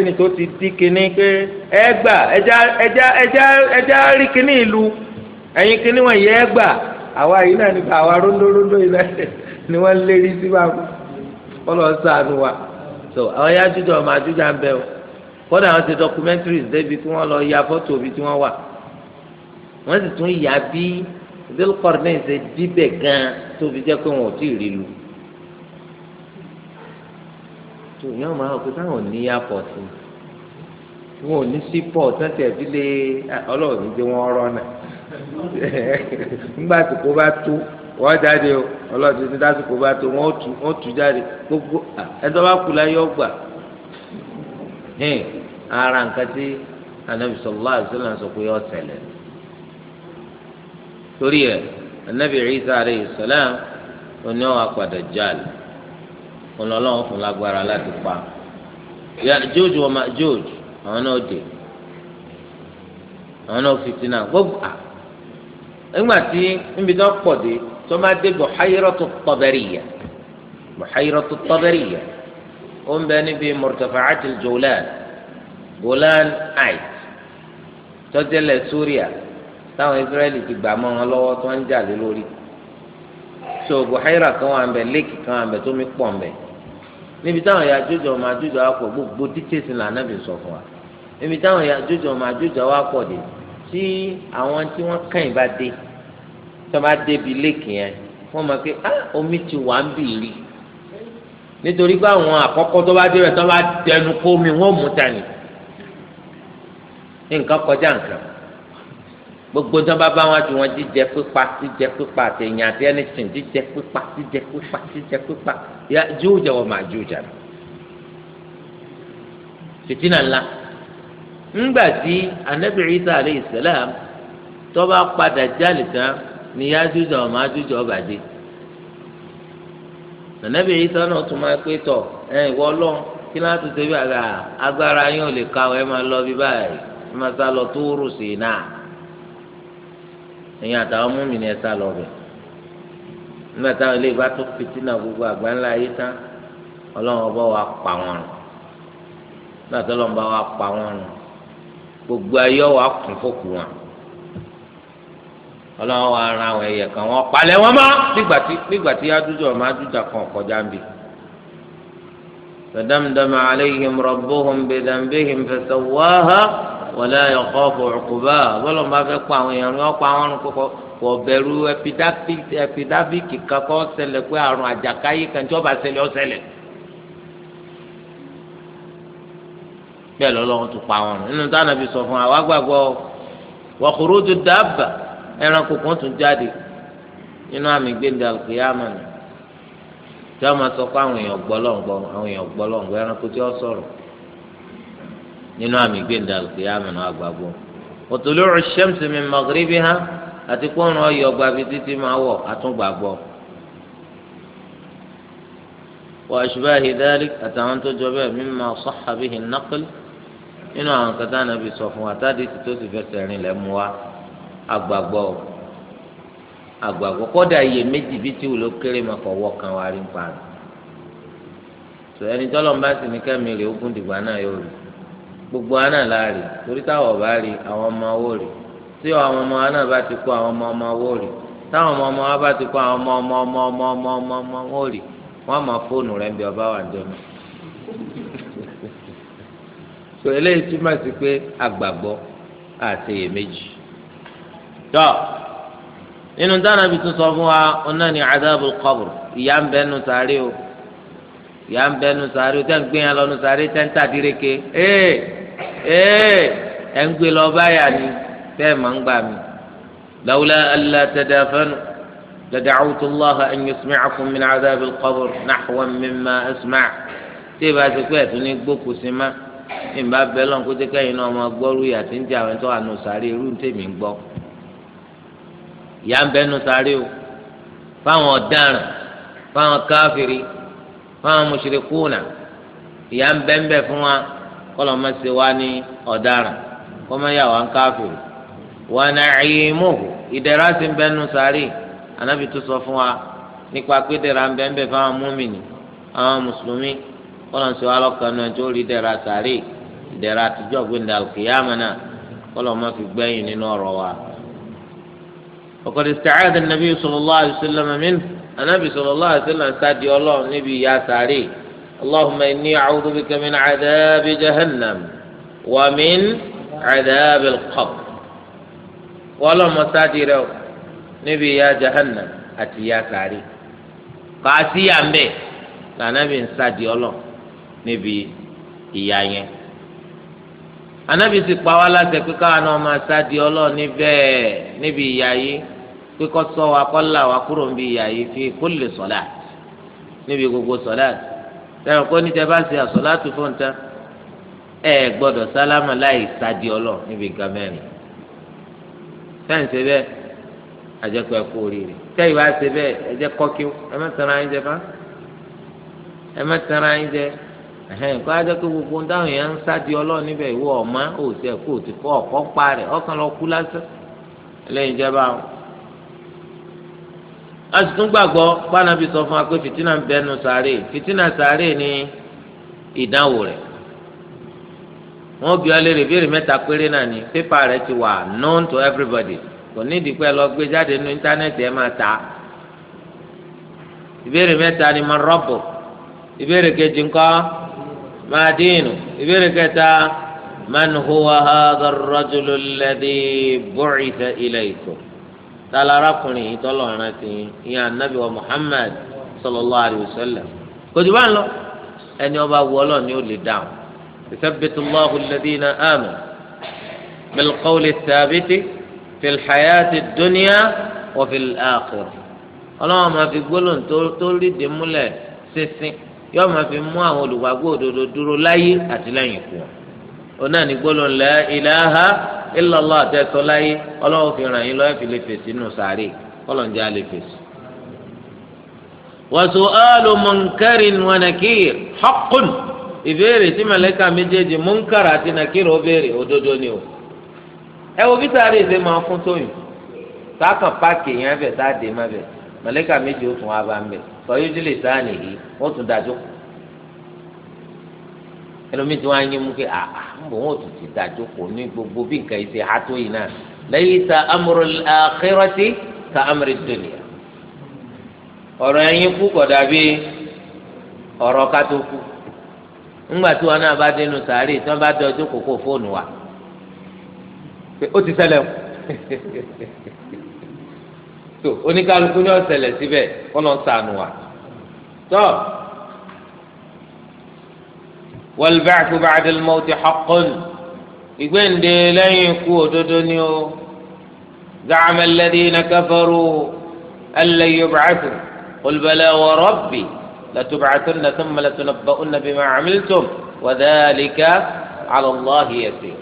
ni tó ti di kínní pé ẹ gbà ẹja rí kínní ìlú ẹ̀yin kínní wọ̀nyí ẹ gbà ni wọ́n lérí sí báwọn wọ́n so àwọn ya jújọ ọmọ àjújà ń bẹ o kódà wọ́n ti documentaries débi tí wọ́n lọ ya fọ́tò òbí tí wọ́n wà wọ́n sì tún yà bí Zulqarnain ṣe díbẹ̀ gan tó fi jẹ́ pé wọn ò tí ì rí lu tó yàn máa wọ pé táwọn ò ní airport ni wọn ò ní seaport náà tẹ̀ fi lé ọlọ́run ní pé wọ́n nígbà tí kò bá tó. wọ́n jáde o ọlọ́ọ̀tì ní dásìkò bá tó wọ́n tù jáde gbogbo ẹ̀dọ́ bá kú láyé ọgbà hìn ara nǹkan tí anabi sallallahu alaihi sọ pé ó ṣẹlẹ̀ torí ẹ̀ anabi Isa alayhi salam oní ọ̀ apàdé jáde ọlọ́lọ́wọ́ fún lágbára láti pa àwọn náà dé àwọn náà gbogbo tí pọ̀ dé. tó máa dé Buhayratu Tabariyya Buhayratu Tabariyya ó ń bẹ níbi murtafa'atil Golan Golan Heights tọ́jẹ́lẹ̀ Súríà táwọn Israẹli ti gbà mọ́ wọn lọ́wọ́ tó ń jà lé lórí so Buhayra kan wà ń bẹ lẹ́kì kan wà ń bẹ tó mi pọ̀ ń bẹ níbi táwọn Yájújù Májújù wà pọ̀ gbogbo dítẹ́sì là nábì sọ fún wa níbi táwọn Yájújù Májújù wà pọ̀ dé tí àwọn tí wọ́n kàn bá dé tó bá débi léèkì yẹn wọ́n mọ̀ pé ah, omi ti wà ń bì rí nítorí pé àwọn àkọ́kọ́ tó bá débẹ̀ tó bá dẹnu kó mi wọ́n mú ta ni nǹkan kọjá nǹkan gbogbo tó bá bá wọn ju wọn jíjẹ pípa jíjẹ pípa àtẹ̀yìn àti ẹnìtìn jíjẹ pípa jíjẹ pípa jíjẹ pípa Yájújà wa Májújà fìtínà ńlá ńgbà tí Ànábì Ìsá alayhi salam tó padà jáde tán. n'iya yájújọ ọmọ ajújọ bàjẹ́ nànẹ́bí èyí sọ náà tún máa pé tọ̀ ẹ ìwọ ọlọ́run kí náà tún ṣebí àgbà agbára yín ò lè ka ọ ẹ máa lọ bí báyìí ẹ máa sá lọ tó rò sí náà ẹ̀yin àtàwọn ni ẹ sá lọ bẹ̀ nígbà táwọn ilé ìbá gbogbo àgbà ńlá yìí tán ọlọ́run ọba wa pa wọn rùn nígbà tó lọ́nba wa gbogbo ayé wa kún wọn. ọlọ́run wa ara àwọn ẹ̀yẹ kan wọ́n palẹ̀ wọn mọ́ nígbà tí nígbà tí adúdú ọmọ adúdà kan kọjá ń bì. fẹ̀dámdámà aláìhìm rọ̀bùhùm bẹ̀dàmbéhìm fẹsẹ̀wáhà wọlé ọkọ̀ ọ̀kùnbá bọ́lá ń bá fẹ́ pa àwọn èèyàn wọn pa àwọn kókó kò bẹ̀rù ẹ̀pídáfíkì kan kọ́ ṣẹlẹ̀ pé àrùn àjàkáyé kan tí wọ́n bá ṣẹlẹ̀ ó ṣẹlẹ̀. bẹ́ẹ̀ lọ́lọ́run tún pa àwọn nínú táwọn àbí sọ fún wa wá gbàgbọ́ wọ́n kúrú ju dábàá ẹranko kan tún jáde nínú àmì gbẹ̀ndẹ̀ alùpùpù tí wọ́n máa sọ pé àwọn èèyàn gbọ́lọ́ǹgbọ́ àwọn èèyàn gbọ́lọ́ǹgbọ́ ẹranko tí wọ́n sọ̀rọ̀ nínú àmì gbẹ̀ndẹ̀ alùpùpù àmàlà àgbàgbọ́ òtòlú ṣẹ́mùsì mi mọ̀gíríbí hàn àti kóòrùn ọyọ gbàbí títí máa wọ̀ àtúngbàgbọ́ wà ṣùgbọ́n ìdárí àtàwọn tó jọ bẹ́ẹ̀ mímọ sọ́hàbíhìn nákìlì nínú àwọn kẹta nàbì sọ fún wa táàdì agbàgbọ́ agbàgbọ́ kódà iye méjì bíi tí wùlò kéré máa fọwọ́ kan wá rí pa rẹ̀ tó ẹni tọ́lọ̀ ń bá sì ní kẹ́mi rè ógún dìgbà náà yóò rí gbogbo àná la rí torí táwọn ọba rí àwọn ọmọ owó rí tí àwọn ọmọ àná bá ti kó àwọn ọmọ ọmọ owó rí táwọn ọmọ ọmọ bá ti kó àwọn ọmọ ọmọ ọmọ ọmọ ọmọ ọmọ owó rí wọn máa fóònù rẹ bí ọba wà jọ náà tó eléyìí túmọ̀ sí pé agbàgbọ́ àti èméjì tọ́ nínú dáná bí tún sọ fún wa ọ̀nà ni adáàbò kọ́bùrù ìyá ń bẹ́ nu sáré o ìyá ń bẹ́ nu sáré o tẹ́ ń gbé yẹn lọ nu sáré tẹ́ ń tàdíreke ee ee ẹ̀ ń gbé lọ báyà ni bẹ́ẹ̀ máa ń gbà mí. lawla alla tadafanu لدعوت الله أن يسمعكم من عذاب القبر نحوا مما أسمع tí ìbá ti pẹ́ tó ní gbókù sí ma ìbá bẹ́ẹ̀ lọ́n kó tẹ́kẹ́ yìí náà ọmọ gbọ́rú yàtí ń jà wọ́n tó àná sáré irú tèmi gbọ́ ìyá ń bẹnu sáré o fáwọn ọ̀daràn fáwọn káfìrí fáwọn mùṣírikùnà ìyá ń bẹ́ńbẹ́ fún wa kọ́lọ̀ má ṣe wá ní ọ̀daràn kọ́mọ yà wá ń káfìrí wa na'imuhu ìdẹ̀ra sì ń bẹnu sáré anábì tó sọ fún wa nípa pé dẹ̀ra ń bẹ́ńbẹ́ fáwọn múmìnì àwọn mùsùlùmí kọ́lọ̀ ń ṣe wá lọ́kàn náà tó rí dẹ̀ra sáré ìdẹ̀ra àtijọ́ gbẹ̀ndà al-qiyamah náà kọ́lọ̀ fi gbẹ̀yìn nínú ọ̀rọ̀ wa ọ̀kọ̀dé sàcádà nàbí sọlọ́lá àdìsílẹ̀ mẹ́mìn anábì sọlọ́lá àdìsílẹ̀ sàdí ọlọ́run níbi ìyá sàárè اللهم إني أعوذ بك من عذاب جهنم ومن عذاب القبر ولما سادروا níbi ìyà jahannam àti ìyà sàárì kàásì yà ń bẹ lànàbì ń sàdí ọlọ níbi ìyà yẹn ànàbì sì pa wá láti pé káwọn náà máa sàdí ọlọ níbẹ̀ níbi ìyà yìí kíkọ́ sọ wa kọ́ là wa kúrò ń bi ìyá yìí fi kulli salat níbi gbogbo salat tẹ̀wọ̀n kó ní tẹ bá ṣe àsọ̀láàtù fún tán ẹ gbọ́dọ̀ sálámà láì sádi ọlọ́ níbi nǹkan mẹ́rin sẹ́ǹsì bẹ́ẹ̀ àjẹpẹ́ kú oríire tẹ́yìn wá ṣe bẹ́ẹ̀ ẹ jẹ́ kọ́kíw ẹ má tẹ̀ra ẹ jẹ bá ẹ má tẹ̀ra ẹ jẹ ẹhẹn kó ajá pé gbogbo dáhùn yẹn ń sádi ọlọ́ọ̀ níbẹ̀ ìwọ ọ̀ma òsì ẹ̀kọ́ òtí ọ̀kọ́ pa rẹ̀ a sì tún gbàgbọ́ pànàbí sọ fún wa pé fìtínà ń bẹnu sàárè fìtínà sàárè ni ìdánwò péré náà ni pépà ti wà known to everybody kò ní lọ gbé jáde máa ta ìbéèrè ni ìbéèrè kejì ma ìbéèrè kẹta tala arákùnrin yìí tọ́lọ̀ rántí ìyá anabi wa muhammad sallallahu alayhi wa sallam kò jù bá ń lọ ẹni ọba wọ ọlọ́ọ̀ ni ó lè dáhùn ìsẹ́bìtì allahu ladina amin bilqawli thabiti fil hayati dunya wa fil akhir ọlọ́wọ́n máa fi gbólóhùn tó rí dìmúlẹ̀ sísìn yóò máa fi mú àwọn olùgbàgbọ́ òdodo dúró láyé àti lẹ́yìn ikú wọn. ni gbólóhùn la ilaha. ilàlá àtẹ̀sọ́ láyé ọlọ́run fi ràn yín lọ́wọ́ fi lè fèsì nù sàárè kọ́lọ̀njẹ́ á lè fèsì. wàsó áàlù mọ̀nkẹ́rin wọn nàkìr ìbéèrè tí mẹlẹ́ka méjèèjì mọ̀nkàrà àti nàkìr ni o. ẹ wo bí sàárè ṣe máa fún tóyìn sáàkàn páàkì yẹn fẹ̀ sáà dé má bẹ̀ mẹlẹ́ka méjì ó tún wá sọ yóò dé lè sáà nìyí ó tún dájú ẹlòmíì tí wọn á yín mú kí àà gbogbo bí nǹkan yìí ṣe yìí náà ta amúrò àkérọ́tì ka amúrò dùnìyà ọ̀rọ̀ ọrụ kú kọ̀ dàbí ọ̀rọ̀ ká kú ńgbà tí wọn náà bá dénú sàárè tí wa ó ti sẹlẹ o oníkálukú ni síbẹ̀ sànù wa tọ́. wal-ba'thu ba'da al-mawti haqqun ìgbéǹde lẹ́yìn ikú òdodo ni o za'ama alladhina kafaru an lan yub'athu qul bala wa rabbi latub'athunna thumma latunabba'unna bima 'amiltum wa dhalika 'ala Allahi yasir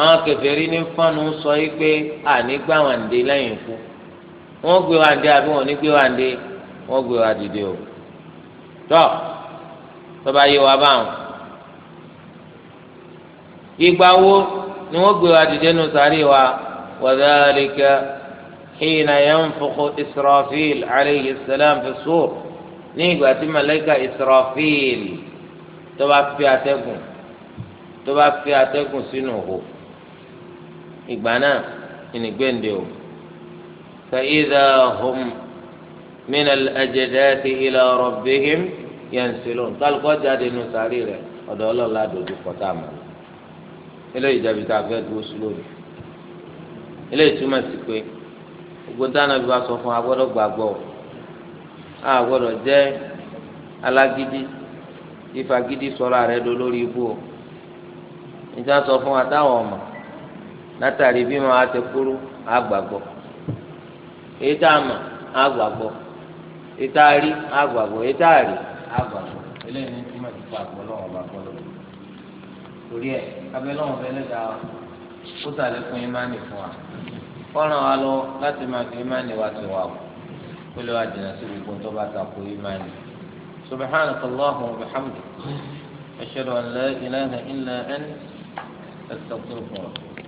àwọn kèfèrí ní fọnù sọ yìí pé àní gbà wọn dé lẹ́yìn ikú wọn gbé wọn dé àbí wọn ní gbé wọn dé wọn gbé wọn dìde o tọ. So, tọ́ba yé wa báwọn. ìgbà wo ni wọ́n gbé wa dìde nù sáré wa wa dhalika hina yanfukhu israfil aleyhi salam fi sur ní ìgbà tí malayika israfil tọ́ba fi atẹ́gùn tọ́ba fi atẹ́gùn sínú hù ìgbà náà ìnìgbẹ́ǹde o. فإذا هم من الأجداث إلى ربهم yẹn ṣe lónìí kálukọ́ jáde nù sáré rẹ̀ ọ̀dọ̀ ọlọ́ọ̀la dojú kọ́tà mọ́ eléyìí jẹ́bi tá a fẹ́ dúró sí eléyìí túmọ̀ sí pé gbogbo dáná bí wàá sọ fún wa a gbọ́dọ̀ jẹ́ alágídí ìfagídí sọ̀rọ̀ rẹ̀ do lórí ibú o níta sọ fún wa táwọn ọmọ látàrí bí wọn á ti kúrú á gbàgbọ́ èyí àgbàdo eléyìí ní túmọ̀ sí pàgbọ́ lọ́wọ́ bá gbọ́dọ̀ torí ẹ̀ abẹ́ lọ́wọ́ bẹ́ẹ̀ lẹ́dàá kó sàlẹ̀ fún imáni fún wa fọ́nrán wa lọ láti máa fi imáni wa ti wà kó lè wá jìnnà sí gbogbo tó bá ta kó imáni. سبحانك اللهم وبحمدك أشهد أن لا إله إلا أنت أستغفرك ورحمة